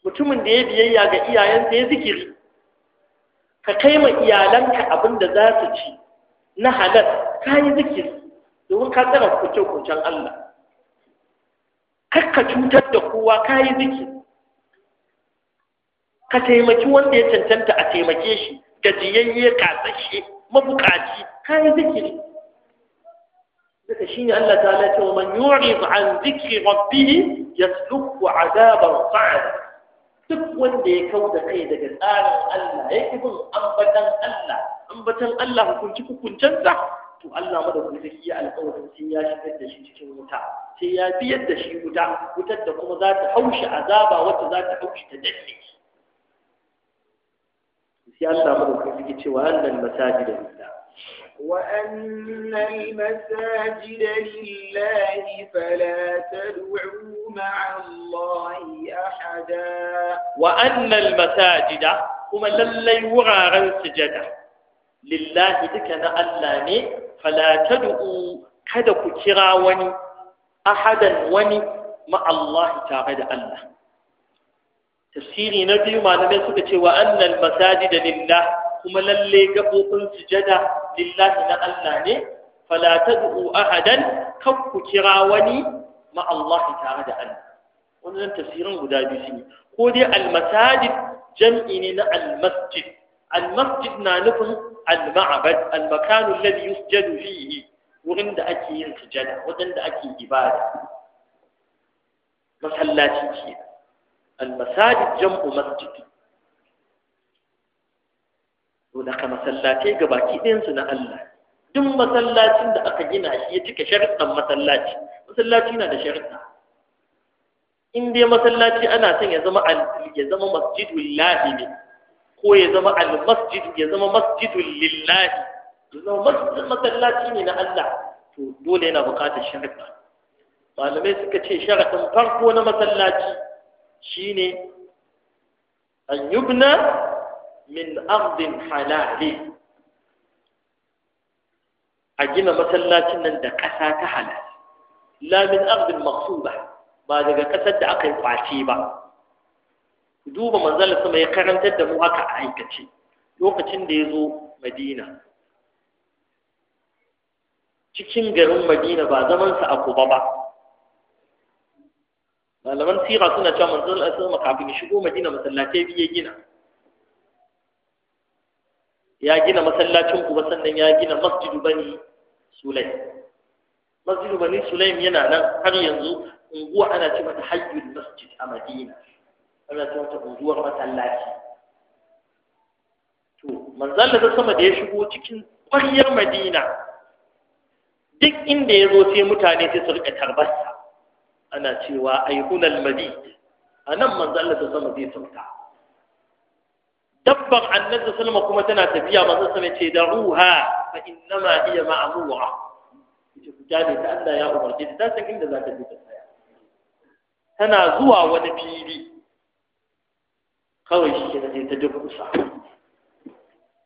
mutumin da ya biyayya ga iyayensa ya zikiri ka kai ma iyalanka abin da za su ci na halal ka yi zikiri domin ka tsara kucin Allah kakka cutar da kowa ka yi zikiri ka taimaki wanda ya cancanta a taimake shi gajiyayye kasashe mabukaci ka yi zikiri Daga shi ne Allah ta lati wa man yuri an ya rabbihi a azaban sa'ada duk wanda ya kau da kai daga tsarin Allah ya ki bin ambatan Allah ambatan Allah hukunci hukuncensa to Allah madaukaki zai iya alƙawarin sai ya shigar da shi cikin wuta sai ya biyar da shi wuta wutar da kuma za ta haushi azaba wata za ta haushi ta dalle sai Allah madaukaki zai ce wa annal masajida وأن المساجد لله فلا تدعوا مع الله أحدا وأن المساجد كما للي وغارا سجدا لله تكنا ألاني فلا تدعوا kada ku kira wani ahadan wani ma'allahi tare da Allah tafsiri na biyu malamai suka ce wa annal masajida lillah kuma lalle gabobin sujada lillahi na Allah ne fala ahadan kan ku kira wani ma Allah tare da Allah wannan tafsirin guda biyu shine ko dai al jam'i ne na Almasjid. Almasjid na nufin al-ma'bad alladhi yusjadu fihi wurin da ake yin sujada da ake ibada masallaci ke jam'u masjid to daga masallatai ga baki ɗayansu na Allah duk masallacin da aka gina shi ya cika sharuɗan masallaci masallaci na da sharuɗa in dai masallaci ana son ya zama Al-sajil ya zama masjidul lahi ne ko ya zama al masjid ya zama masjidul lillahi ya zama masjid masallaci ne na Allah to dole yana buƙatar sharuɗa malamai suka ce sharaɗin farko na masallaci shine an yubna min ardin halali a gina masallacin nan da ƙasa ta halal la min ardin maqsuba ba daga ƙasar da aka yi kwace ba duba manzala sama ya karantar da mu haka a aikace lokacin da ya zo madina cikin garin madina ba zamansa a kuba ba malaman sira suna cewa manzon Allah sama kafin shigo madina masallatai biye gina ya gina masallacin kuma sannan ya gina masjidu bani sulaim masjidu bani sulaim yana nan har yanzu unguwa ana ce mata hajjul masjid a madina ana ce mata unguwar masallaci to manzon da sama da ya shigo cikin ƙwaryar madina duk inda ya zo sai mutane sai su rika tarbarsa ana cewa ayhunal madid anan manzon da sama zai sauka dabbar annabi sallallahu kuma tana tafiya manzo sallama ce da ruha fa innama hiya ma'mura ce ku jale ta Allah ya umarce ta san inda za ta je ta tsaya tana zuwa wani fili kawai shi ke ta dukkusa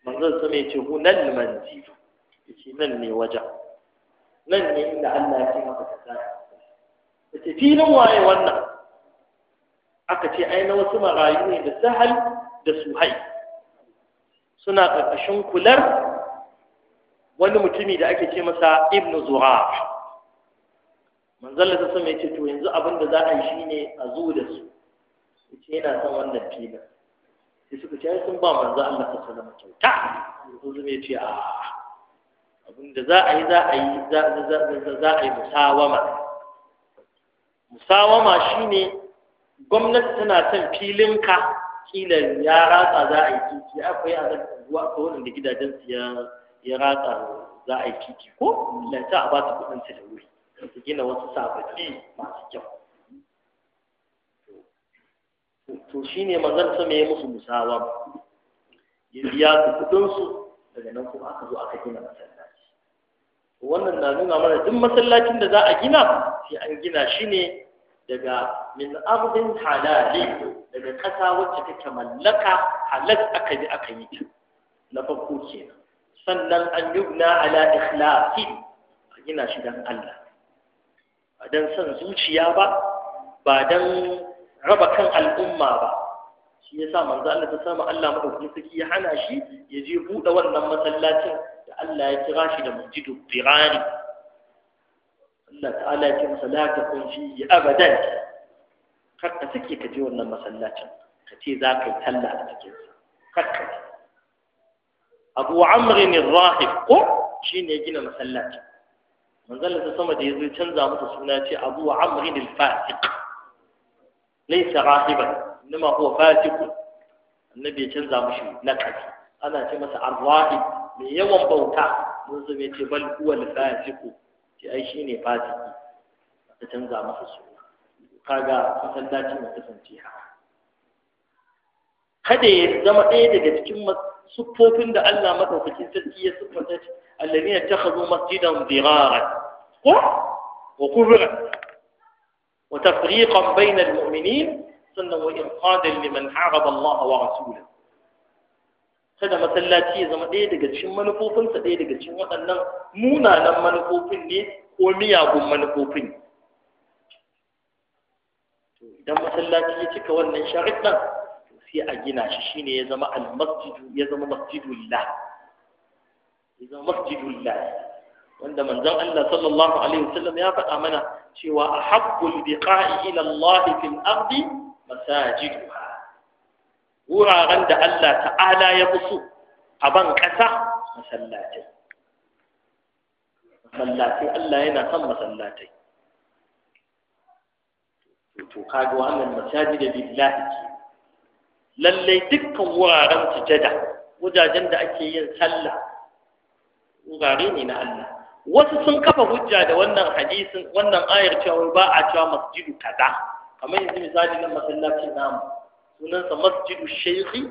manzo sallama ya ce hunal manzil ce nan ne wajen nan ne inda Allah ya ce maka ta tsaya ta ce filin waye wannan aka ce ai na wasu marayu ne da sahal da suhai suna ƙarƙashin kular wani mutumi da ake ce masa ibnu zura manzalla ta sama ce to yanzu abin da za a yi shine a zo da su ce yana son wannan filin sai suka ce sun ba manzo Allah ta sallama kyauta sun zama ce a abin da za a yi za a yi za a yi musawama musawama shine gwamnati tana son filinka kila ya ratsa za a yi titi akwai a kuwa akwai gidajen su ya ya ratsa za a yi titi ko lanta a ba su kuɗin su da wuri su gina wasu sababbi masu kyau to shine mazan ta mai musu musawa ya biya su kudin su daga nan kuma aka zo aka gina masallaci wannan na nuna mana duk masallacin da za a gina sai an gina shi ne daga min abin halali daga ƙasa wacce take mallaka halal aka yi aka yi ta na farko kenan sannan an yubna ala ikhlasi a gina shi don Allah ba don son zuciya ba ba dan raba kan al'umma ba shi yasa manzo Allah ta sama Allah madaukakin sarki ya hana shi ya je buɗe wannan masallacin da Allah ya kira shi da masjidu birani Allah ta'ala ya ce masa la ta kunshi abadan kar ka sake ka je wannan masallacin ka ce za ka yi talla a cikinsa kar ka abu amrin rahib ko shi ne gina masallaci manzon Allah sama da zai canza masa suna ce abu amrin al-fasiq laysa rahiban inma ko fasiq annabi ya canza na kaji ana ce masa arwahi mai yawan bauta mun zama ce bal kuwa al-fasiq ce ai shine fasiki ta canza masa suna kaga masallacin ya kasance kada ya zama ɗaya daga cikin صفوفين دا الله مدوكين ستية صفتات الذين اتخذوا مسجدا ضغارا وكفرا وتفريقا بين المؤمنين سنة وإنقاذا لمن حارب الله ورسوله هذا sai a gina shi shine ya zama al-masjidu ya zama masjidullah ya zama masjidullah wanda manzon Allah sallallahu alaihi wasallam ya faɗa mana cewa ahabbul biqa'i ila Allah fil ardi masajiduha wuraren da Allah ta'ala ya fi so a ban ƙasa masallatai masallatai Allah yana son masallatai to kaga wannan masajida billahi ke lallai dukkan wuraren sujada wajajen da ake yin sallah wurare ne na Allah wasu sun kafa hujja da wannan hadisin wannan ayar cewa ba a cewa masjidu kaza kamar yanzu misali na masallacin namu sunansa masjidu shaykhi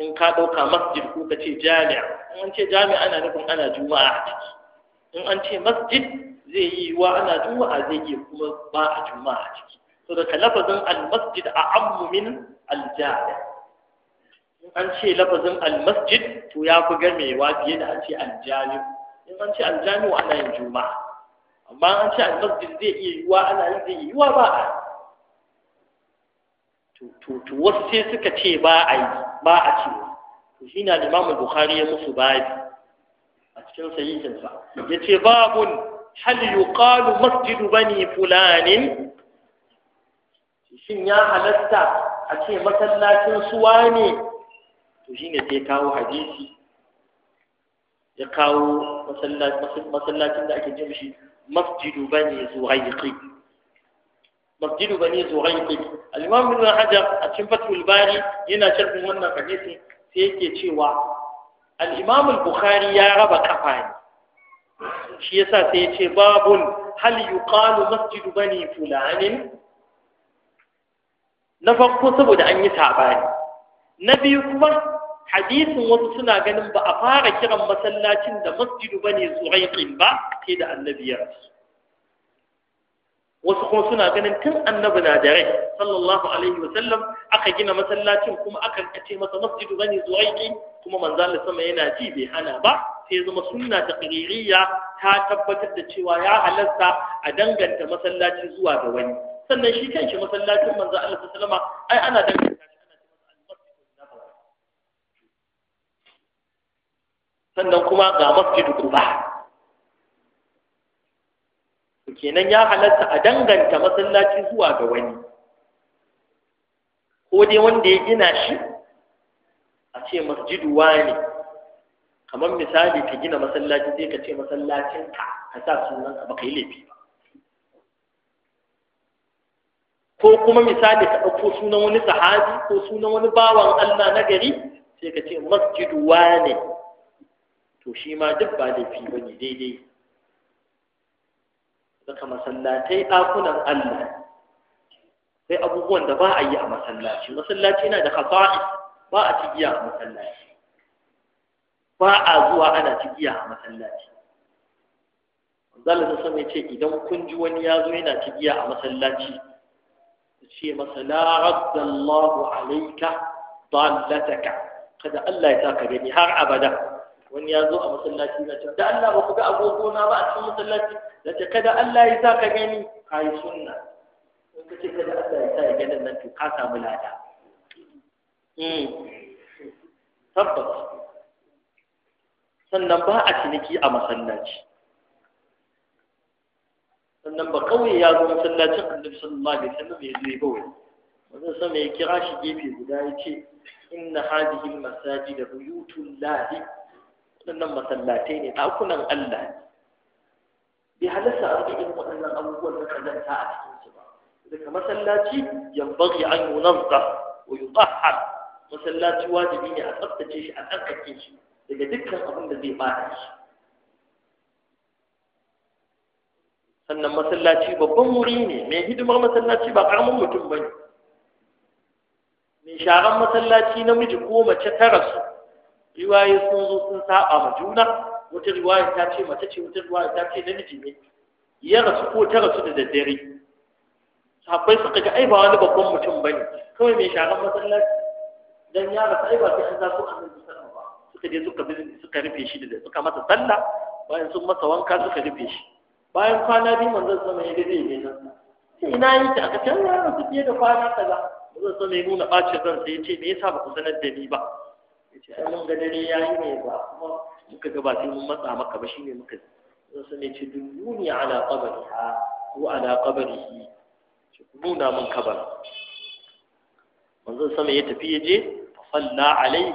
in ka dauka masjid ko ka ce jami'a in an ce jami'a ana nufin ana juma'a a ciki in an ce masjid zai yi wa ana juma'a zai iya kuma ba a juma'a a ciki to da lafazin al-masjid a ammu min al-jami'a an ce lafazin almasjid to ya fi gamewa fiye da an ce aljami'u in an ce aljami'u ana yin juma'a amma an ce almasjid zai iya yiwuwa ana yi zai yiwuwa ba a to wasu sai suka ce ba a yi ba a cewa to shi na limamin bukhari ya musu babi a cikin sahihinsa ya ce babun hal yuqalu masjidu bani fulanin shin ya halatta a ce masallacin suwa ne to ne sai kawo hadisi ya kawo masallacin da ake jin shi masjidu bani zuhaiqi masjidu bani zuhaiqi al-imam ibn hajar a cikin fathul bari yana sharhin wannan hadisin sai yake cewa al bukhari ya raba kafa ne shi yasa sai ya ce babun hal yuqalu masjidu bani fulanin na farko saboda an yi sabani na biyu kuma hadisin wasu suna ganin ba a fara kiran masallacin da masjidu bane zuhaiqin ba sai da annabi ya wasu kuma suna ganin tun annabi na da rai sallallahu alaihi wa sallam aka gina masallacin kuma aka ce masa masjidu bane zuhaiqin kuma manzo Allah sama yana ji bai hana ba sai zama sunna taqririyya ta tabbatar da cewa ya halarta a danganta masallaci zuwa ga wani sannan shi kanshi masallacin manzo Allah sallama ai ana danganta sannan kuma ga masjidu quba kenan ya halatta a danganta masallaci zuwa ga wani ko dai wanda ya gina shi a ce masjidu wani kamar misali ka gina masallaci sai ka ce masallacin ka ka sa sunan ka baka yi laifi ba ko kuma misali ka ɗauko sunan wani sahabi ko sunan wani bawan Allah na gari sai ka ce masjidu wani to shi ma duk ba laifi ba ne daidai daga masallatai ɗakunan Allah sai abubuwan da ba a yi a masallaci masallaci na da hasa'i ba a cigiya a masallaci ba a zuwa ana cigiya a masallaci zalla ta sama ce idan kun ji wani ya zo yana cigiya a masallaci ce masa la raddallahu alaika dalataka kada Allah ya saka gani har abada wani ya zo a masallaci na ce da Allah ba ku ga agogo na ba a cikin masallaci da ce kada Allah ya sa ka gani ka yi sunna in ka ce kada Allah ya sa ya nan to ka samu lada hmm. tabbas sannan ba a ciniki a masallaci sannan ba kawai ya zo masallacin annabi sallallahu alaihi wasallam ya zo kawai wannan sama ya kira shi gefe guda ya ce inna hadhihi al-masajid buyutul lahi sannan masallatai ne ɗakunan Allah bai halasta a rika irin waɗannan abubuwan na kazanta a cikin su ba daga masallaci yambaghi an yunazza wa yutahhar masallaci wajibi ne a tsaftace shi a tsarkake shi daga dukkan abin da zai bada shi sannan masallaci babban wuri ne mai hidimar masallaci ba ƙaramin mutum ba ne mai sharan masallaci namiji ko mace ta rasu riwaye sun zo sun saba ma juna wata riwaya ta ce mace ce wata riwaya ta ce namiji ne ya rasu ko ta rasu da daddare sabai suka ga ai ba wani babban mutum bane kawai mai sharan masallaci dan ya rasu ai ba sai an zasu annabi sallallahu ba suka je suka suka rufe shi da suka masa sallah bayan sun masa wanka suka rufe shi bayan kwana biyu manzon sama ya dade ne nan sai ina yi ta aka ce ya rasu fiye da kwana kaza manzon sama ya nuna bacin ransa ya ce me yasa ba ku sanar da ni ba ce ai mun ga dare yayi ne ba kuma muka ga ba sai mun matsa maka ba shine muka zo ne ce dunnuni ala qabriha ko ala qabrihi ce nuna mun kabar manzon sama ya tafi ya je salla alaihi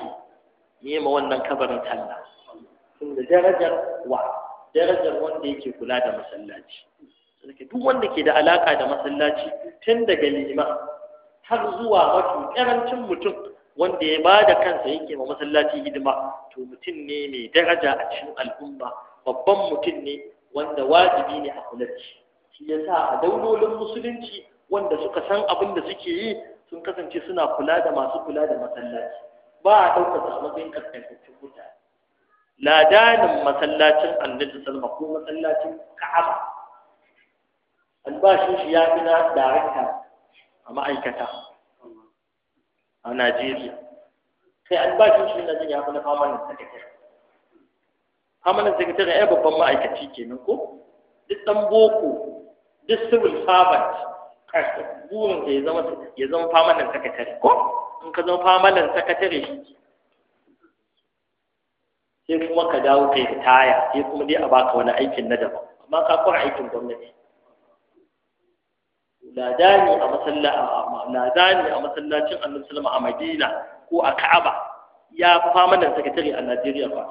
ne wannan kabarin talla tunda darajar wa darajar wanda yake kula da masallaci duk wanda ke da alaka da masallaci tun daga lima har zuwa mafi karancin mutum wanda ya bada kansa yake ma masallaci hidima to mutum ne mai daraja a cikin al'umma babban mutum ne wanda wajibi ne a kula da shi shi yasa a daulolin musulunci wanda suka san abin da suke yi sun kasance suna kula da masu kula da masallaci ba a ɗaukaka a matsayin ƙasƙantattun mutane ladanin masallacin annabi salma ko masallacin ka'aba albashin shi ya fi na darakta a ma'aikata a Najeriya kai ba shi na jin ya fi na famanin sakatare famanin sakatare ai babban ma'aikaci kenan ko duk ɗan boko duk civil servant burin ya zama ya zama famanin sakatare ko in ka zama famanin sakatare shi sai kuma ka dawo kai taya sai kuma dai a baka wani aikin na daban amma ka kura aikin gwamnati ladani a ladani a masallacin annabi wasallam a madina ko a ka'aba ya famanan sakatare a najeriya ba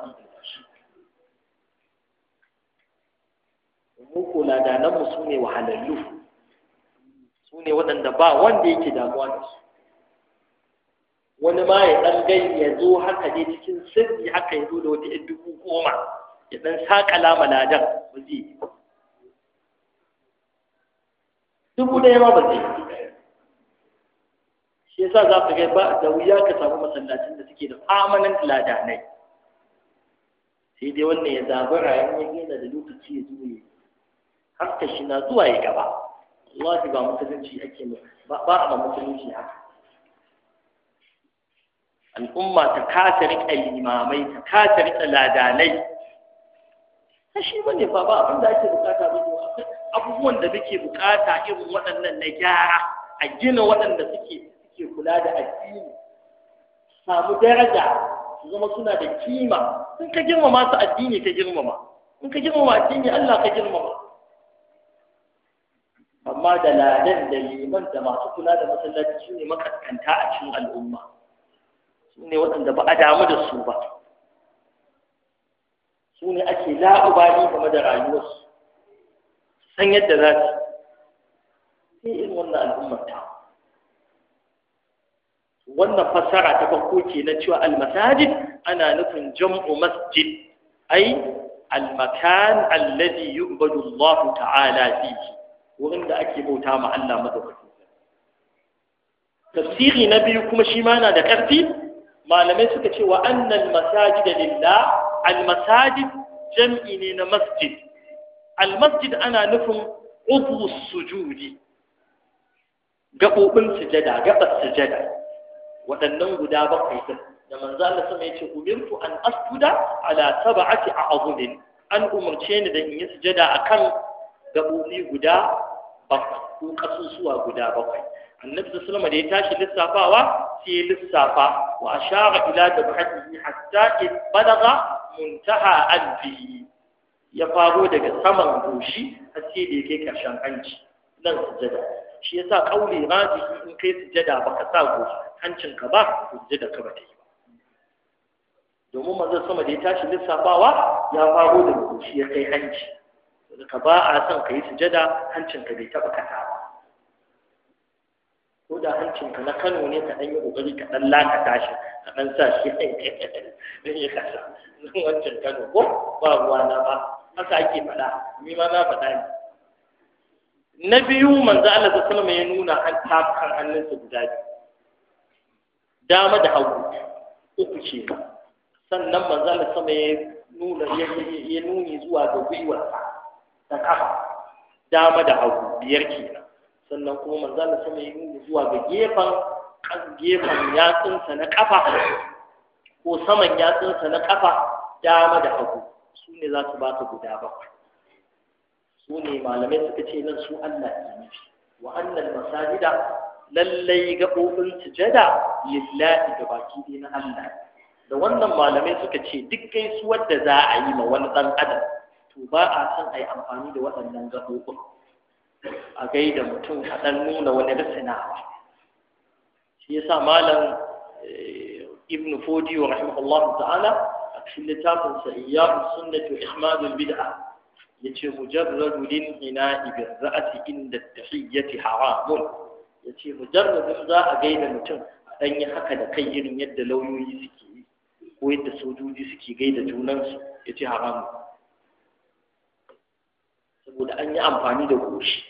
ko ladananmu mu sune wahalallu su sune waɗanda ba wanda yake damuwa da su wani ma ya ɗan gai ya zo haka dai cikin sirri haka ya zo da wata ‘yan dubu goma ya ɗan saƙa lama ladan ba zai dubu ɗaya ma ba zai yi shi yasa za ka ga ba da wuya ka samu masallacin da suke da famanin ladanai sai dai wannan ya zaɓi rayuwar yana da lokaci ya zuwa ya harkar shi na zuwa ya gaba wallahi ba musulunci ake ne ba a musulunci haka al'umma ta kasa riƙe limamai ta kasa riƙe ladanai ta shi bane ba ba abin da ake bukata ba ko abubuwan da muke bukata irin waɗannan na gyara a gina waɗanda suke suke kula da addini samu daraja su zama suna da kima in ka girmama su addini ka girmama in ka girmama addini Allah ka girmama amma da ladan da liman da masu kula da masallaci su ne makaskanta a cikin al'umma su ne waɗanda ba a damu da su ba su ne ake la'ubali game da rayuwarsu san yadda za su sai irin wannan al'ummar ta wannan fassara ta farko ke na cewa almasajid ana nufin jam'u masjid ai almakan alladhi yu'badu Allah ta'ala fihi wurin da ake bauta ma Allah madaukakin tafsiri na biyu kuma shi ma na da ƙarfi malamai suka ce wa annal masajid lillah al jam'i ne na masjid almasjid ana nufin ubu sujudi gaɓoɓin sujada gaɓar sujada waɗannan guda bakwai din da manzo Allah sama yace umirtu an asjuda ala sab'ati a'dhum an umarce ni da in yi sujada akan gaɓoɓi guda bakwai ko kasusuwa guda bakwai annabi sallallahu da ya tashi lissafawa sai lissafa wa ashara ila dabhatihi hatta in balaga muntaha alfihi ya faro daga saman goshi a sai da ya kai karshen hanci nan sujada shi yasa kauli rajihi in kai sujada baka sa goshi hancin ka ba sujada ka bata yi ba domin manzon sama da ya tashi lissafawa ya faro daga goshi ya kai hanci ka ba a son ka yi sujada hancin ka bai taba kasa ba ko da hancin ka na Kano ne ka dan yi kokari ka dan lakata shi ka dan sa shi ya kasa wancan Kano ko ba ruwa na ba haka ake faɗa ni ma na faɗa ne na biyu manzo Allah ta sallama ya nuna an tafukan hannunsa guda biyu dama da hagu uku ce sannan manzo Allah sama ya nuna ya nuni zuwa ga gwiwarsa ta kafa dama da hagu biyar kenan sannan kuma manzo Allah sama ya nuni zuwa ga gefen gefen yatsunsa na kafa ko saman yatsunsa na kafa dama da hagu su ne za su ba ta guda bakwai su ne malamai suka ce nan su Allah ke nufi wa annal masajida lallai ga gaɓoɓin sujada lillahi ga baki ɗaya na Allah da wannan malamai suka ce duk gaisuwar da za a yi ma wani ɗan adam to ba a son a yi amfani da waɗannan gaɓoɓin a gaida mutum a ɗan nuna wani rasinawa shi yasa malam eh, ibn fodiyo rahimahullahu ta'ala cikin littafin sa sunna to ihmadul bid'a yace mujarradu lil ina'i bir ra'ati inda tahiyyati haramun yace mujarradin za a gaida mutum a dan yi haka da kai irin yadda lauyoyi suke yi ko yadda sojoji suke gaida junansu yace haramun saboda an yi amfani da goshi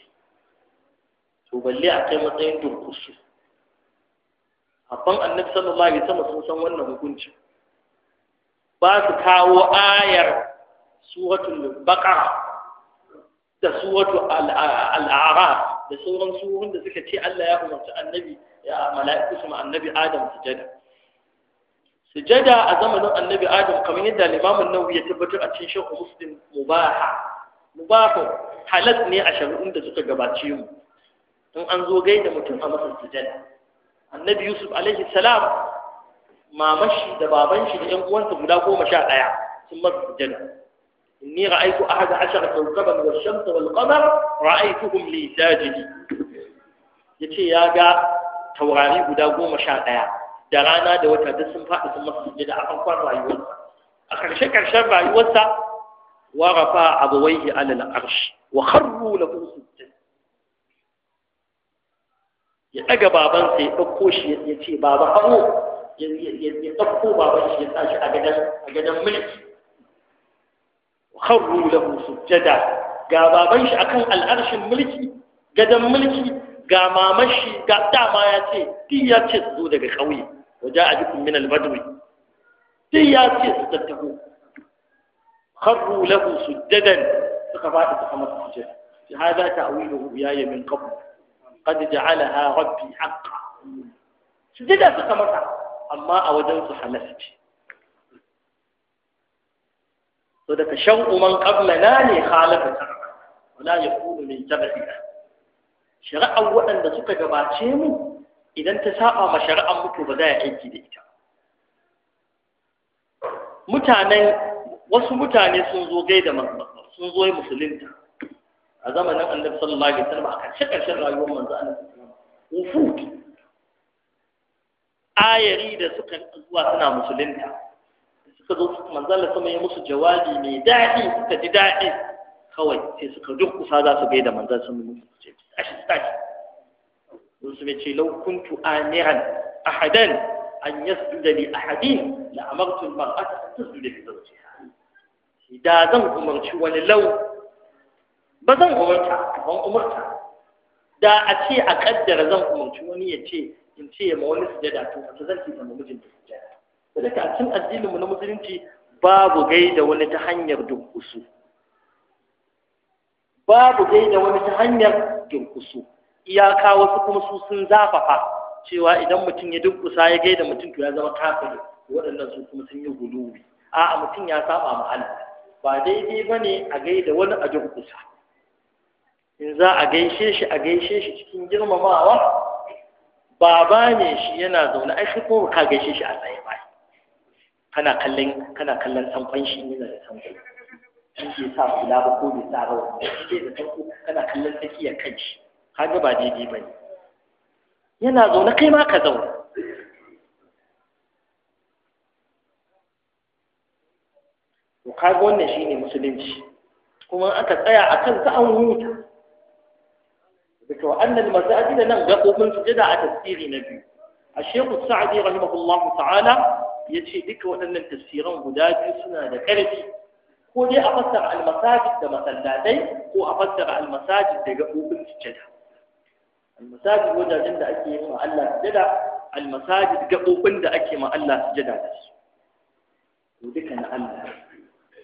to balle a kai matsayin durkusu abban annabi sallallahu alaihi wasallam sun san wannan hukuncin ba su kawo ayar suratul baqara da suratul al'ara da sauran surun da suka ce Allah ya umarci annabi ya mala'iku su annabi Adam sujada sujada a zamanin annabi Adam kamar yadda limamin nawawi ya tabbatar a cikin shaykh muslim mubaha mubaha halat ne a shari'un da suka gabace mu in an zo gaida mutum a masa sujada annabi Yusuf alaihi salam mamashi da baban shi da ƴan uwansa guda goma sha ɗaya sun masa sujada inni ra'aytu ahada ashara kawkaban wa shamsa wal qamar ra'aytuhum li sajidi yace ya ga taurari guda goma sha ɗaya da rana da wata duk sun faɗi sun masa sujada a farkon rayuwarsa a ƙarshe ƙarshen rayuwarsa wa rafa abawaihi alal arsh wa kharru lahu sujada ya ɗaga babansa ya ɗauko shi ya ce baba hawo يقفوا بابا يشتاش أجدا وخروا له سجدا قابا بيش أكن الأرش الملكي قد الملكي قاما مشي قاعدا ما ياتي تي ياتي تزودك خوي من البدوي تي ياتي تتكو خروا له سجدا فقفات تخمت هذا تأويله بياي من قبل قد جعلها ربي حقا سجدا تخمتها amma a wajen su halal ce to daga shan umman qablana ne halafa ta wala ya yakunu min tabi'ina shari'ar waɗanda suka gabace mu idan ta saba ma shari'ar mutu ba za a aiki da ita mutanen wasu mutane sun zo gaida manzo sun zo musulunta a zamanin annabi sallallahu alaihi wasallam a karshe karshen rayuwar manzo annabi sallallahu alaihi wasallam ayari da suka zuwa suna musulunta suka zo manzala kuma ya musu jawabi mai daɗi suka ji daɗi kawai sai suka duk kusa za su gaida manzala yi musu ce tashi tashi musu mai ce a kuntu amiran ahadan an yasjuda li ahadin da amartu al-mar'ata an tasjuda li zawjiha da zan umarci wani lau ba zan umarta ban umarta da a ce a kaddara zan umarci wani ya ce in ce ma wani sujada to ta zarki ta da da sujada da a cikin addininmu na musulunci babu gaida wani ta hanyar dunkusu babu gaida wani ta hanyar dunkusu iyaka wasu kuma su sun zafafa cewa idan mutum ya dunkusa ya gaida mutum to ya zama kafiri waɗannan su kuma sun yi guluwi a'a mutum ya saba ma Allah ba daidai bane a gaida wani a dunkusa in za a gaishe shi a gaishe shi cikin girmamawa baba ne shi yana zaune ai ko kuma ka gaishe shi a tsaye ba kana kallon kana kallon sanfan shi ne da sanfan shi ke sa kula ba ko bai sa rawa shi ke da sanko kana kallon sakiya kan shi ga ba daidai ba ne yana zaune kai ma ka zaune to kaga wannan shine musulunci kuma aka tsaya akan ta an huta to annal masajid nan gabobin sujada a tafsiri na biyu a shehu sa'adi rahimahullahu ta'ala ya ce duka waɗannan tafsiran guda biyu suna da ƙarfi ko dai a fassara almasajid da masallatai ko a fassara almasajid da gabobin sujada almasajid wajajen da ake yi ma Allah sujada almasajid gabobin da ake ma Allah sujada da su to duka na Allah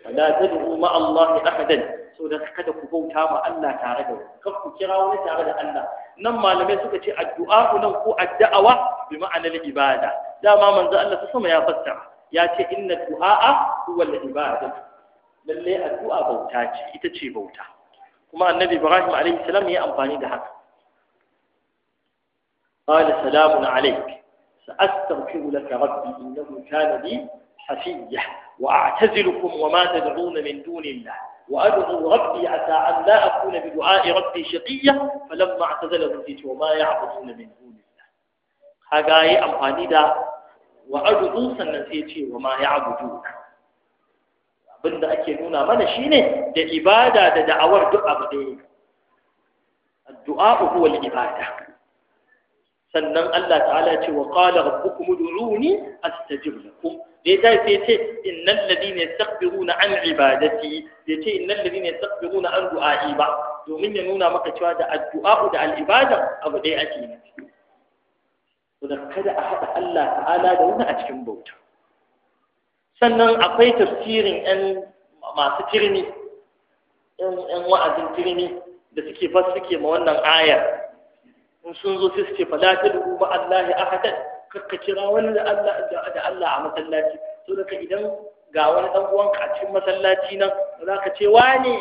fala tad'u ma Allah ahadan Sau da kada ku bauta ma Allah tare da kan ku kira wani tare da Allah nan malamai suka ce addu'a nan ko addu'awa bi ma'anar ibada dama manzo Allah ta sama ya fassara ya ce inna du'a'a huwa al-ibada lalle addu'a bauta ce ita ce bauta kuma annabi Ibrahim alaihi salam ya amfani da haka qala salamun alayk sa'astaghfiru laka rabbi innahu kana bi حفية wa وما تدعون من دون الله وأدعو ربي عسى أن لا أكون بدعاء ربي شقيا فلما اعتزلهم جئت وما يعبدون من دون الله هاجاي أمهاني دا وأدعو سننسيتي وما يعبدون abinda ake nuna mana shine da ibada da da'awar duk abu ɗaya addu'a huwa wal ibada sannan Allah ta'ala ce wa qala rabbukum ud'uni astajib lakum da ya tashi sai ce innal ladina yastakbiruna an ibadati ya ce innal ladina yastakbiruna an du'a'i ba domin ya nuna maka cewa da addu'a da al'ibada abu ɗaya ake yi. da kada a haɗa Allah ta'ala da wani a cikin bauta sannan akwai tafsirin 'yan masu tirmi ‘yan wa'azin tirmi da suke fas suke ma wannan ayar in sun zo su suke falatar ruba Allah ya ahadan Ka kira wani da Allah da Allah a masallaci to da idan ga wani dan uwan a cikin masallaci nan za ka ce wani.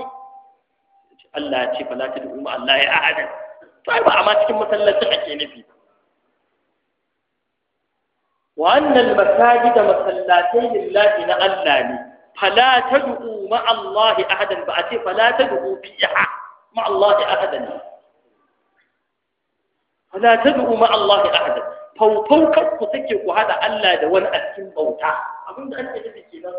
Allah ya ce fa la tad'u ma Allah ya ahada to ai ba amma cikin masallacin ake nufi wa anna al masajida masallatai lillahi na Allah ne fala tad'u ma Allah ahadan ba a ce fala tad'u biha ma Allah ahadan fala tad'u ma Allah ahadan faufau kan ku take ku hada Allah da wani a cikin bauta da ake nufi kenan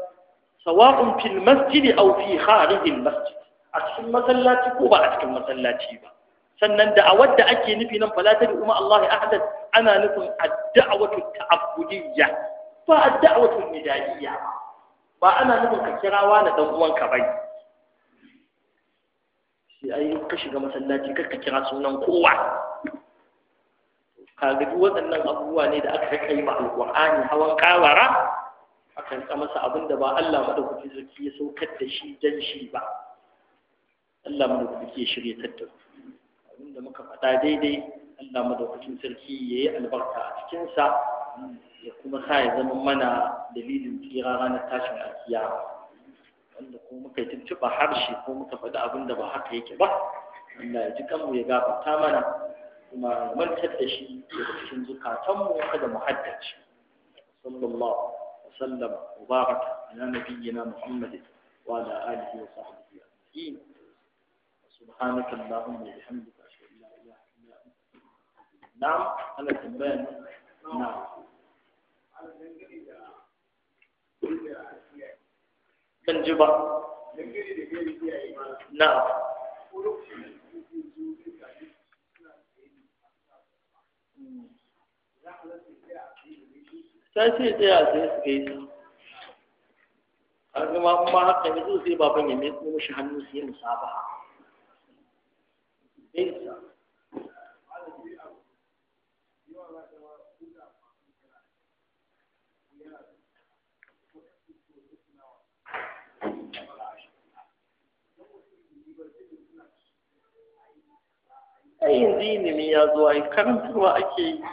sawa'un fil masjid aw fi kharijil masjid a cikin masallaci ko ba a cikin masallaci ba sannan da a wadda ake nufi nan fala ta umma Allah ahadan ana nufin ad'awatu ta'abbudiyya ba ad'awatu nidaiya ba ana nufin ka kirawa na dan uwanka bai. sai ai ka shiga masallaci ka kira sunan kowa kaga duk waɗannan abubuwa ne da aka kai ma alqur'ani hawan kawara akan ka masa abin da ba Allah madaukaki sarki ya saukar da shi dan shi ba Allah madaukaki ya shirye ta abin da muka faɗa daidai Allah madaukakin sarki ya yi albarka a cikin sa ya kuma sa ya zama mana dalilin tsira ranar tashin alkiyama wanda ko muka yi tuntuɓa harshe ko muka faɗi abin da ba haka yake ba Allah ya ji kanmu ya gafarta mana kuma mantar da shi daga cikin zukatanmu kada mu haddace sallallahu وسلم وبارك على نبينا محمد وعلى آله وصحبه أجمعين سبحانك اللهم وبحمدك أشهد أن لا إله إلا أنت نعم أنا تبان نعم kan ji ba na'am sai sai tsaya sai su gaisa har kuma ma kuma haka ne sai baban ya mai kuma shi hannu sai musabaha gaisa ai yanzu ilimi ya zo ai karantarwa ake yi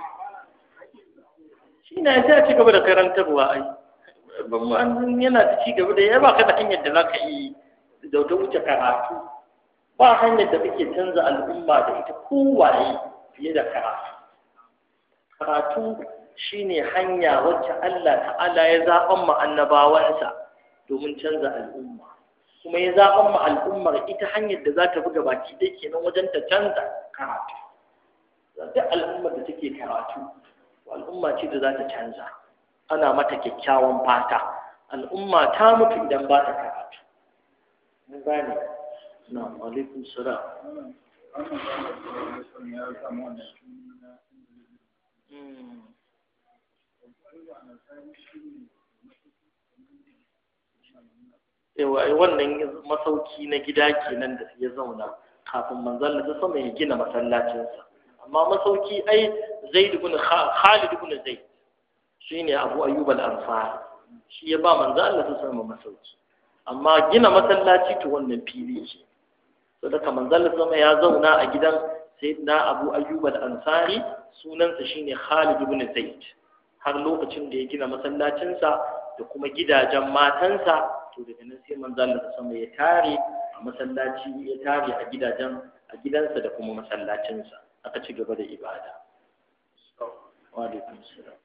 shi na ya ci gaba da karantarwa ai ban yana da ci gaba da ya ba ka da hanyar da za ka yi da wata wuce karatu ba hanyar da kake canza al'umma da ita kowaye fiye da karatu karatu shine hanya wacce Allah ta'ala ya zaɓan mu annabawansa domin canza al'umma kuma ya zaɓan mu al'ummar ita hanyar da za ta buga baki ɗaya kenan wajen ta canza karatu duk al'ummar da take karatu al'umma ce da za ta canza ana mata kyakkyawan fata al'umma ta mutu idan ba ta karatu mun gane na alaikum salam wannan masauki na gida kenan da ya zauna kafin manzon Allah sama ya gina masallacinsa amma masauki ai Zaid ibn Khalid ibn Zaid shine Abu Ayyub al shi ya ba manzon Allah sama masauki amma gina masallaci to wannan fili ce daga manzon Allah sama ya zauna a gidan Sayyidina Abu Ayyub al-Ansari sunansa shine Khalid ibn Zaid har lokacin da ya gina masallacinsa da kuma gidajen matansa to daga nan sai manzo ta sama ya tare a masallaci ya tare a gidajen a gidansa da kuma masallacinsa aka ci gaba da ibada wa alaikum salam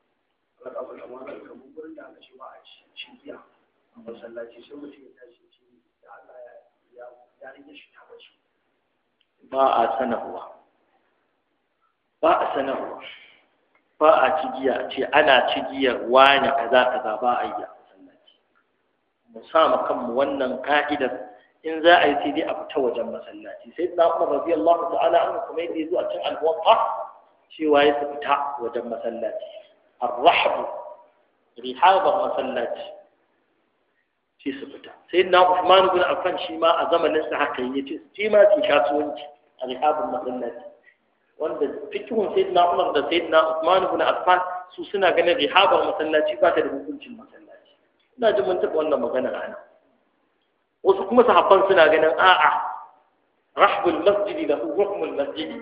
ba a sanarwa ba a sanarwa ba a cigiya ce ana cigiyar wani kaza kaza ba a yi mu sa ma kanmu wannan ka'idar in za a yi sai dai a fita wajen masallaci sai da Umar radiyallahu ta'ala an kuma yadda yazo a cikin al-Muwatta cewa ya fita wajen masallaci ar-rahb rihabar masallaci sai su fita sai na Uthman ibn Affan shi ma a zamanin sa haka ce shi ma shi kasuwanci a rihabar masallaci wanda fikihun sai na Umar da sai na Uthman ibn Afan su suna ganin rihabar masallaci ba ta da hukuncin masallaci ina jin mun taɓa wannan maganar ana wasu kuma sahabban suna ganin a'a rahbul masjidi da hukmul masjidi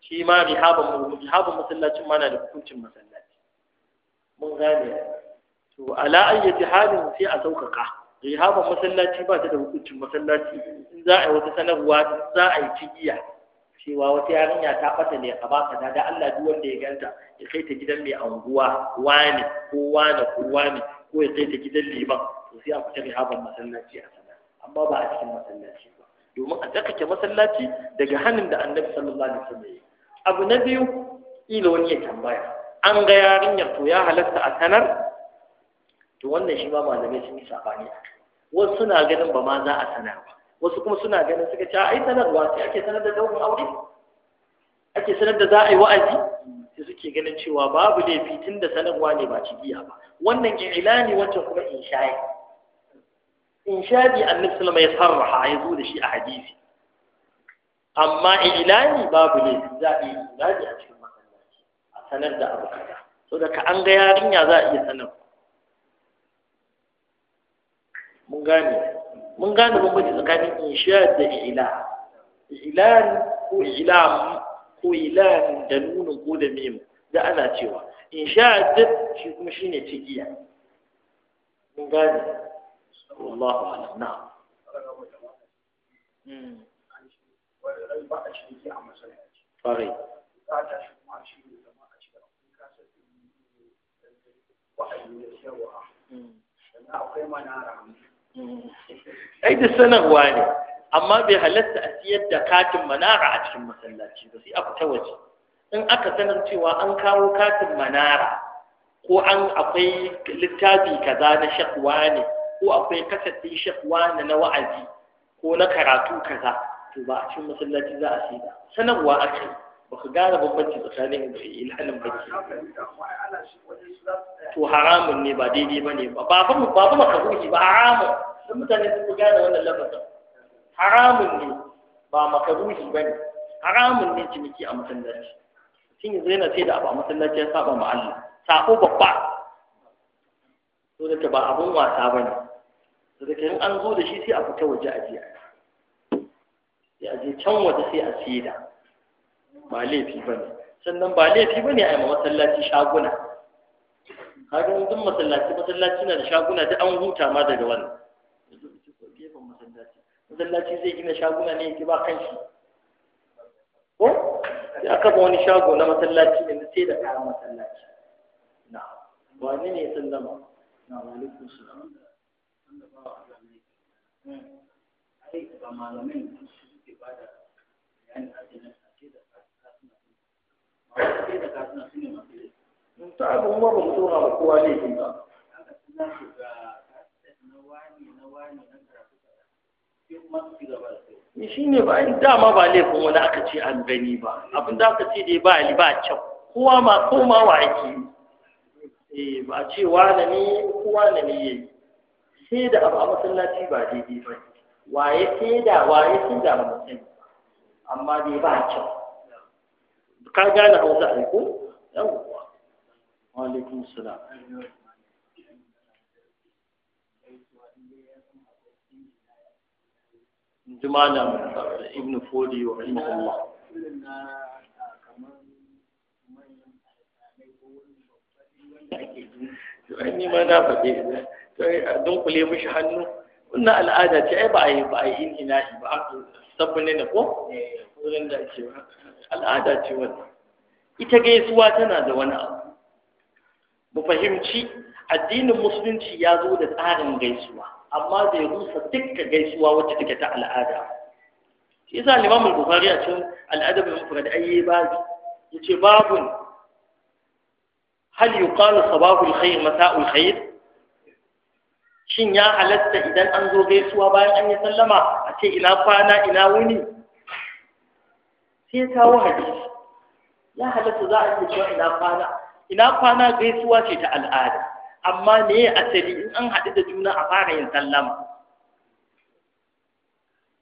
shi ma rihaban rihaban masallacin ma na da hukuncin masallaci mun gane to ala ayyati halin sai a saukaka rihaban masallaci ba ta da hukuncin masallaci in za a yi wata sanarwa za a yi cigiya cewa wata yarinya ta ɓata ne a baka da Allah duk wanda ya ganta ya kai ta gidan mai anguwa wane ko wane ko wane ko ya kai ta gidan liman to sai a fita rihaban masallaci a sana amma ba a cikin masallaci ba domin a tsakake masallaci daga hannun da annabi sallallahu alaihi wasallam yi. abu na biyu ila wani ya tambaya an ga yarinyar to ya halatta a sanar to wannan shi ma malamai sun yi sabani wasu suna ganin ba ma za a sanar ba wasu kuma suna ganin suka ce ai sanarwa sai ake sanar da daurin aure ake sanar da za a yi wa'azi da suke ganin cewa babu laifi tun da sanarwa ne ba cigiya ba wannan ilani wancan kuma insha'i insha'i annabi sallama ya sarraha ya zo da shi a hadisi amma ilani babu laifi za a yi ilani a cikin masallaci a sanar da abu kaza so da ka an ga yarinya za a iya sanar mun gane mun gane bambanci tsakanin insha'i da ila ilan ko ila. ko ilahin da nunin ko da mimu da ana cewa in sha'adid shi kuma shine tigiya mun gane wallahu a'lam na'am Farai. Ai, da sanarwa ne, amma bai halatta a siyar da katin manara a cikin masallaci ba sai a fita waje in aka sanar cewa an kawo katin manara ko an akwai littafi kaza na shakwa ne ko akwai kasafin shakwa ne na wa'azi ko na karatu kaza to ba a cikin masallaci za a sida sanarwa a kai ba ka gane bambanci tsakanin da ilhanin baki to haramun ne ba daidai ba ne ba ba ba makaruhi ba haramun mutane sun gane wannan lafazin haramun ne ba makaruhi ba ne haramun ne ciniki a masallaci mutum zai na sai da abu a masallaci ya saba ma'alla sako sabo babba so da ba abun wasa ba ne to da kan an zo da shi sai a fita waje a jiya sai a je can waje sai a saida ba laifi ba ne sannan ba laifi ba ne a yi ma masallaci shaguna kaga yanzu masallaci masallaci na da shaguna da an huta ma daga wannan masallaci zai gina shaguna ne yake ba kan shi ko sai aka ba wani shago na masallaci yanzu sai da kayan masallaci na wani ne sallama na walikun salam ai ba malamin suke ba da bayani a cikin ake da kasuna ma sai da kasuna su ne masu mun ta abu ba mu tsora ba kowa ne kin ba haka suna shiga na wani na wani na karatu shi ne ba in dama ba laifin wani aka ce an gani ba abin da aka ce dai ba ali ba kyau kowa ma koma wa ake yi eh ba ce wane ne kowa ne ne yayi sai da abu a masallaci ba daidai ba waye sai da waye sai da mutum amma dai ba kyau ka gane hausa ai ko yawwa wa alaikum salam ji malam ibn fodi wa rahimahullah to ai ni ma na faɗe to a dunkule mishi hannu wannan al'ada ce ai ba a yi ba a yi ina ba a sabbin ne ko eh, wurin da ce al'ada ce wannan ita gaisuwa tana da wani abu mu fahimci addinin musulunci ya zo da tsarin gaisuwa amma bai rusa dukka gaisuwa wacce take ta al'ada shi yasa Imam Bukhari a cikin al'adab al-mufrad ayyi babu yace babun hal yuqalu sabahu al-khair mata'u al-khair shin ya halatta idan an zo gaisuwa bayan an yi sallama a ce ina kwana ina wuni sai ya kawo hadisi ya halatta za a ce cewa ina kwana ina kwana gaisuwa ce ta al'ada amma me asali in an haɗu da juna a fara yin sallama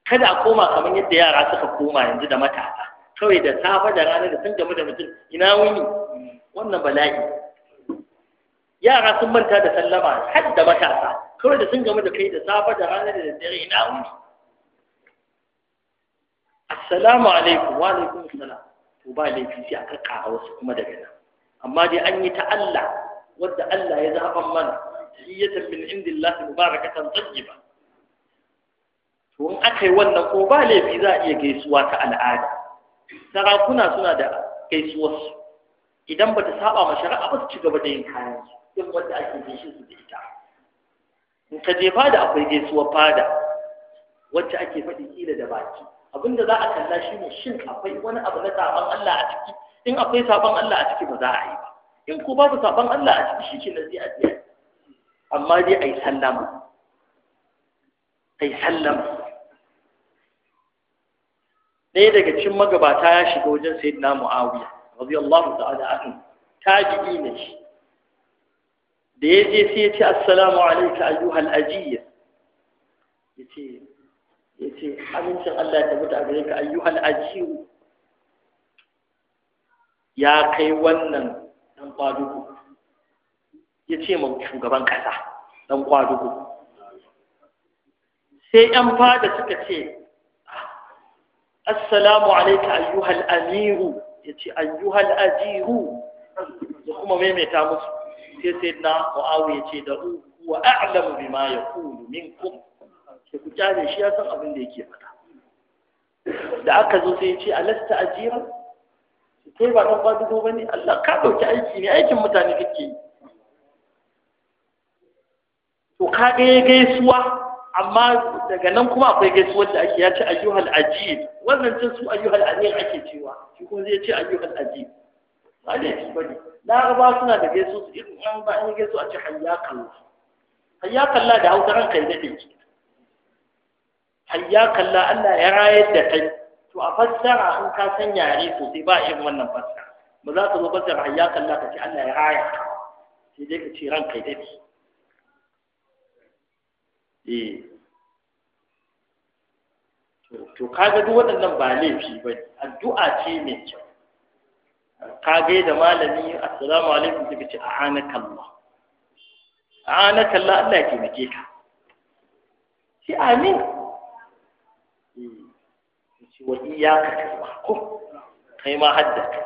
kada a koma kamar yadda yara suka koma yanzu da matasa kawai da safe da rana da sun gamu da mutum ina wuni wannan bala'i yara sun manta da sallama har da matasa kawai da sun gamu da kai da safe da rana da dare ina wuni assalamu alaikum wa alaikum salam to ba laifi sai aka kara wasu kuma daga nan amma dai an yi ta Allah wadda Allah ya zaɓan mana hiyatan min indillahi mubarakatan tayyiba to in aka yi wannan ko ba laifi za a iya gaisuwa ta al'ada sarakuna suna da gaisuwarsu idan ba ta saba ma shari'a ba su ci gaba da yin kayan su yin wanda ake gaishe su da ita in ka je fada akwai gaisuwar fada wacce ake faɗi kila da baki abinda za a kalla shi ne shin akwai wani abu na saban Allah a ciki in akwai sabon Allah a ciki ba za a yi ba in ko babu sabon Allah a ciki shi ke nazi a biya. amma dai a yi sallama a yi sallama ɗaya daga cikin magabata ya shiga wajen sayyidina mu'awiya radiyallahu ta'ala anhu tabi'i ne shi da ya je sai ya ce assalamu alayka ayyuhal ajiyya yace yace amincin Allah ya tabbata a gare ka ayyuhal ajiyu ya kai wannan dan kwadugo ya ce ma shugaban kasa dan kwadugo sai yan fada suka ce assalamu alaika ayyuhal amiru ya ce ayyuhal ajiru da kuma maimaita musu sai sai na mu'awu ya ce da wa a'lamu bima ya yaqulu minkum sai ku kyale shi ya san abin da yake faɗa da aka zo sai ya ce alasta ajira kai ba ɗan kwadugo ba ne Allah ka ɗauki aiki ne aikin mutane kake yi to ka ga ya gaisuwa amma daga nan kuma akwai gaisuwar da ake ya ce ayyuhal ajib wannan cin su ayyuhal anil ake cewa shi kuma zai ce ayyuhal ajib ba ne shi ba ne ba suna da gaisu su irin an ba an yi gaisu a ce hayyakallah hayyakallah da hausa ranka ya daɗe ki kalla Allah ya rayar da kai to a fassara in ka san yare sosai ba irin wannan fassara ba za ka zo fassara hayya kalla ka ce Allah ya haya sai dai ka ce ran kai dade eh to kaga duk waɗannan ba laifi ba addu'a ce mai kyau ka ga da malami assalamu alaikum sai ka ce a'anaka Allah a'anaka Allah Allah ya taimake ka sai amin ci wa iyaka kalma ko kai ma haddaka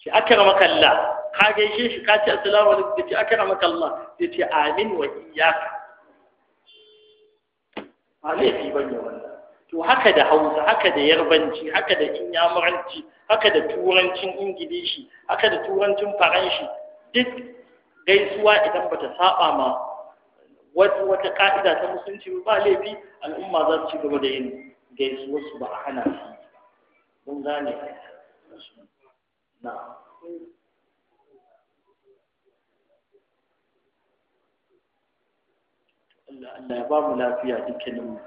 ce akrama kalla ka gaishe shi ka ce assalamu alaikum da ce akrama kalla da ce amin wa iyaka ba laifi ba ne wannan to haka da hausa haka da yarbanci haka da inyamuranci haka da turancin ingilishi haka da turancin faranshi duk gaisuwa idan bata saba ma wata ka'ida ta musulunci ba laifi al'umma za su ci gaba da yin gaisuwar su ba a hana su kun gane na Allah ya ba mu lafiya dukkanin mu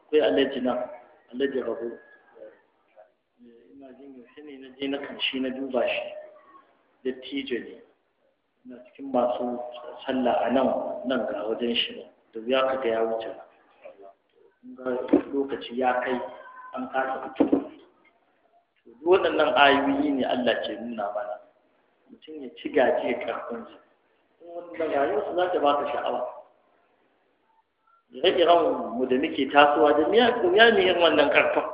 akwai alaji na alaji rabo ina jin yaushe ne na je na kanshi na duba shi dattijo ne na cikin masu sallah a nan nan ga wajen shi da wuya ka ga ya wuce lokaci ya kai an kasa fito waɗannan ayoyi ne Allah ke nuna mana mutum ya ci gaje karfinsa in wani su za ta ta sha'awa ire iran mu da muke tasowa da miya ya ne yin wannan karfin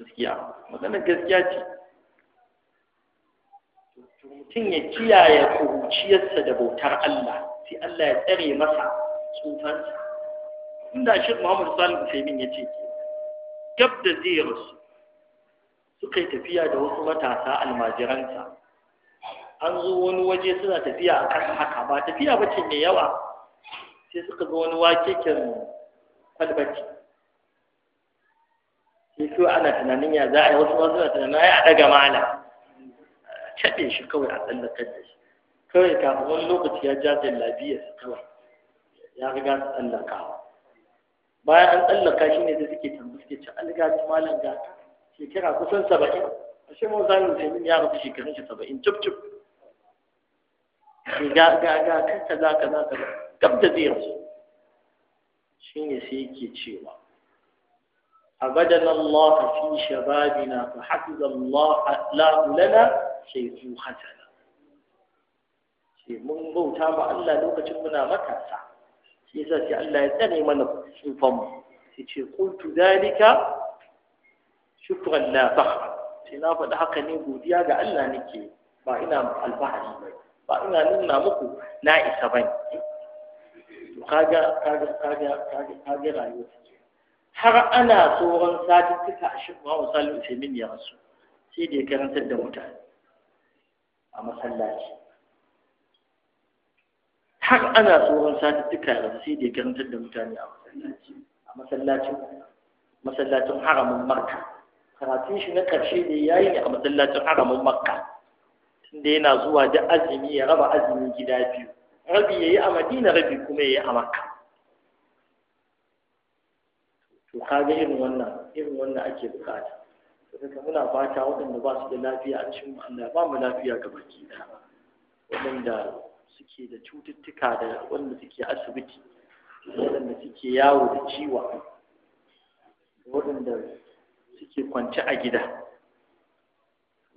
gaskiya magana gaskiya ce mutum ya kiyaye kuruciyarsa da bautar Allah sai Allah ya tsare masa tsufansa inda shi Muhammad Salim Usaimin ya ce gab da zai rasu suka yi tafiya da wasu matasa almajiransa an zo wani waje suna tafiya a kan haka ba tafiya ba ce mai yawa sai suka zo wani wake kin kwalbaci sai su ana tunanin ya za a yi wasu wasu tunanin ya a daga mala a shi kawai a tsallakar da shi kawai kafin wani lokaci ya ja jallabiyarsa kawai ya riga su tsallakawa bayan an tsallaka shi ne da suke tambu suke ci algaji malam ga shekara kusan saba'in a shi mun zamu zai ya rasu shekarun shi saba'in cif cif ga ga ga za ka za ka gab da zai rasu shi ne sai yake cewa أبدنا الله في شبابنا فحفظ الله له لنا شيخوختنا sai mun bauta ma Allah lokacin muna matasa shi yasa sai Allah ya tsare mana tsufan mu sai ce kultu dalika shukran la fakhra sai na faɗi haka ne godiya ga Allah nake ba ina alfahari ba ba ina nuna muku na isa ba kaga kaga kaga kaga kaga rayuwa har ana tsoron satuttuka a shi ba misalin min ya rasu sai da ya karantar da mutane a masallaci har ana tsoron satuttuka da sai da ya karantar da mutane a masallacin masallacin haramin makka karatun shi na ƙarshe ne ya yi ne a masallacin haramin makka tunda yana zuwa da azumi ya raba azumin gida biyu rabi ya yi a madina rabi kuma ya yi a makka to kaga irin wannan irin wannan ake bukata saboda muna fata waɗanda ba su da lafiya a cikin Allah ba mu lafiya gaba baki da waɗanda suke da cututtuka da wanda suke asibiti waɗanda suke yawo da ciwa da waɗanda suke kwance a gida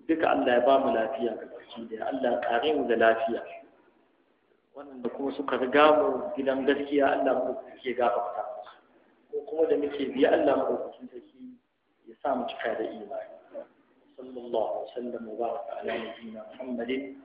duka Allah ya ba mu lafiya ga baki da Allah ya kare mu da lafiya waɗanda kuma suka riga mu gidan gaskiya Allah mu ke gafarta ko kuma da muke biya Allah mu ɗaukakin sarki ya sa mu cika da imani sallallahu alaihi wa sallam wa baraka ala nabiyyina muhammadin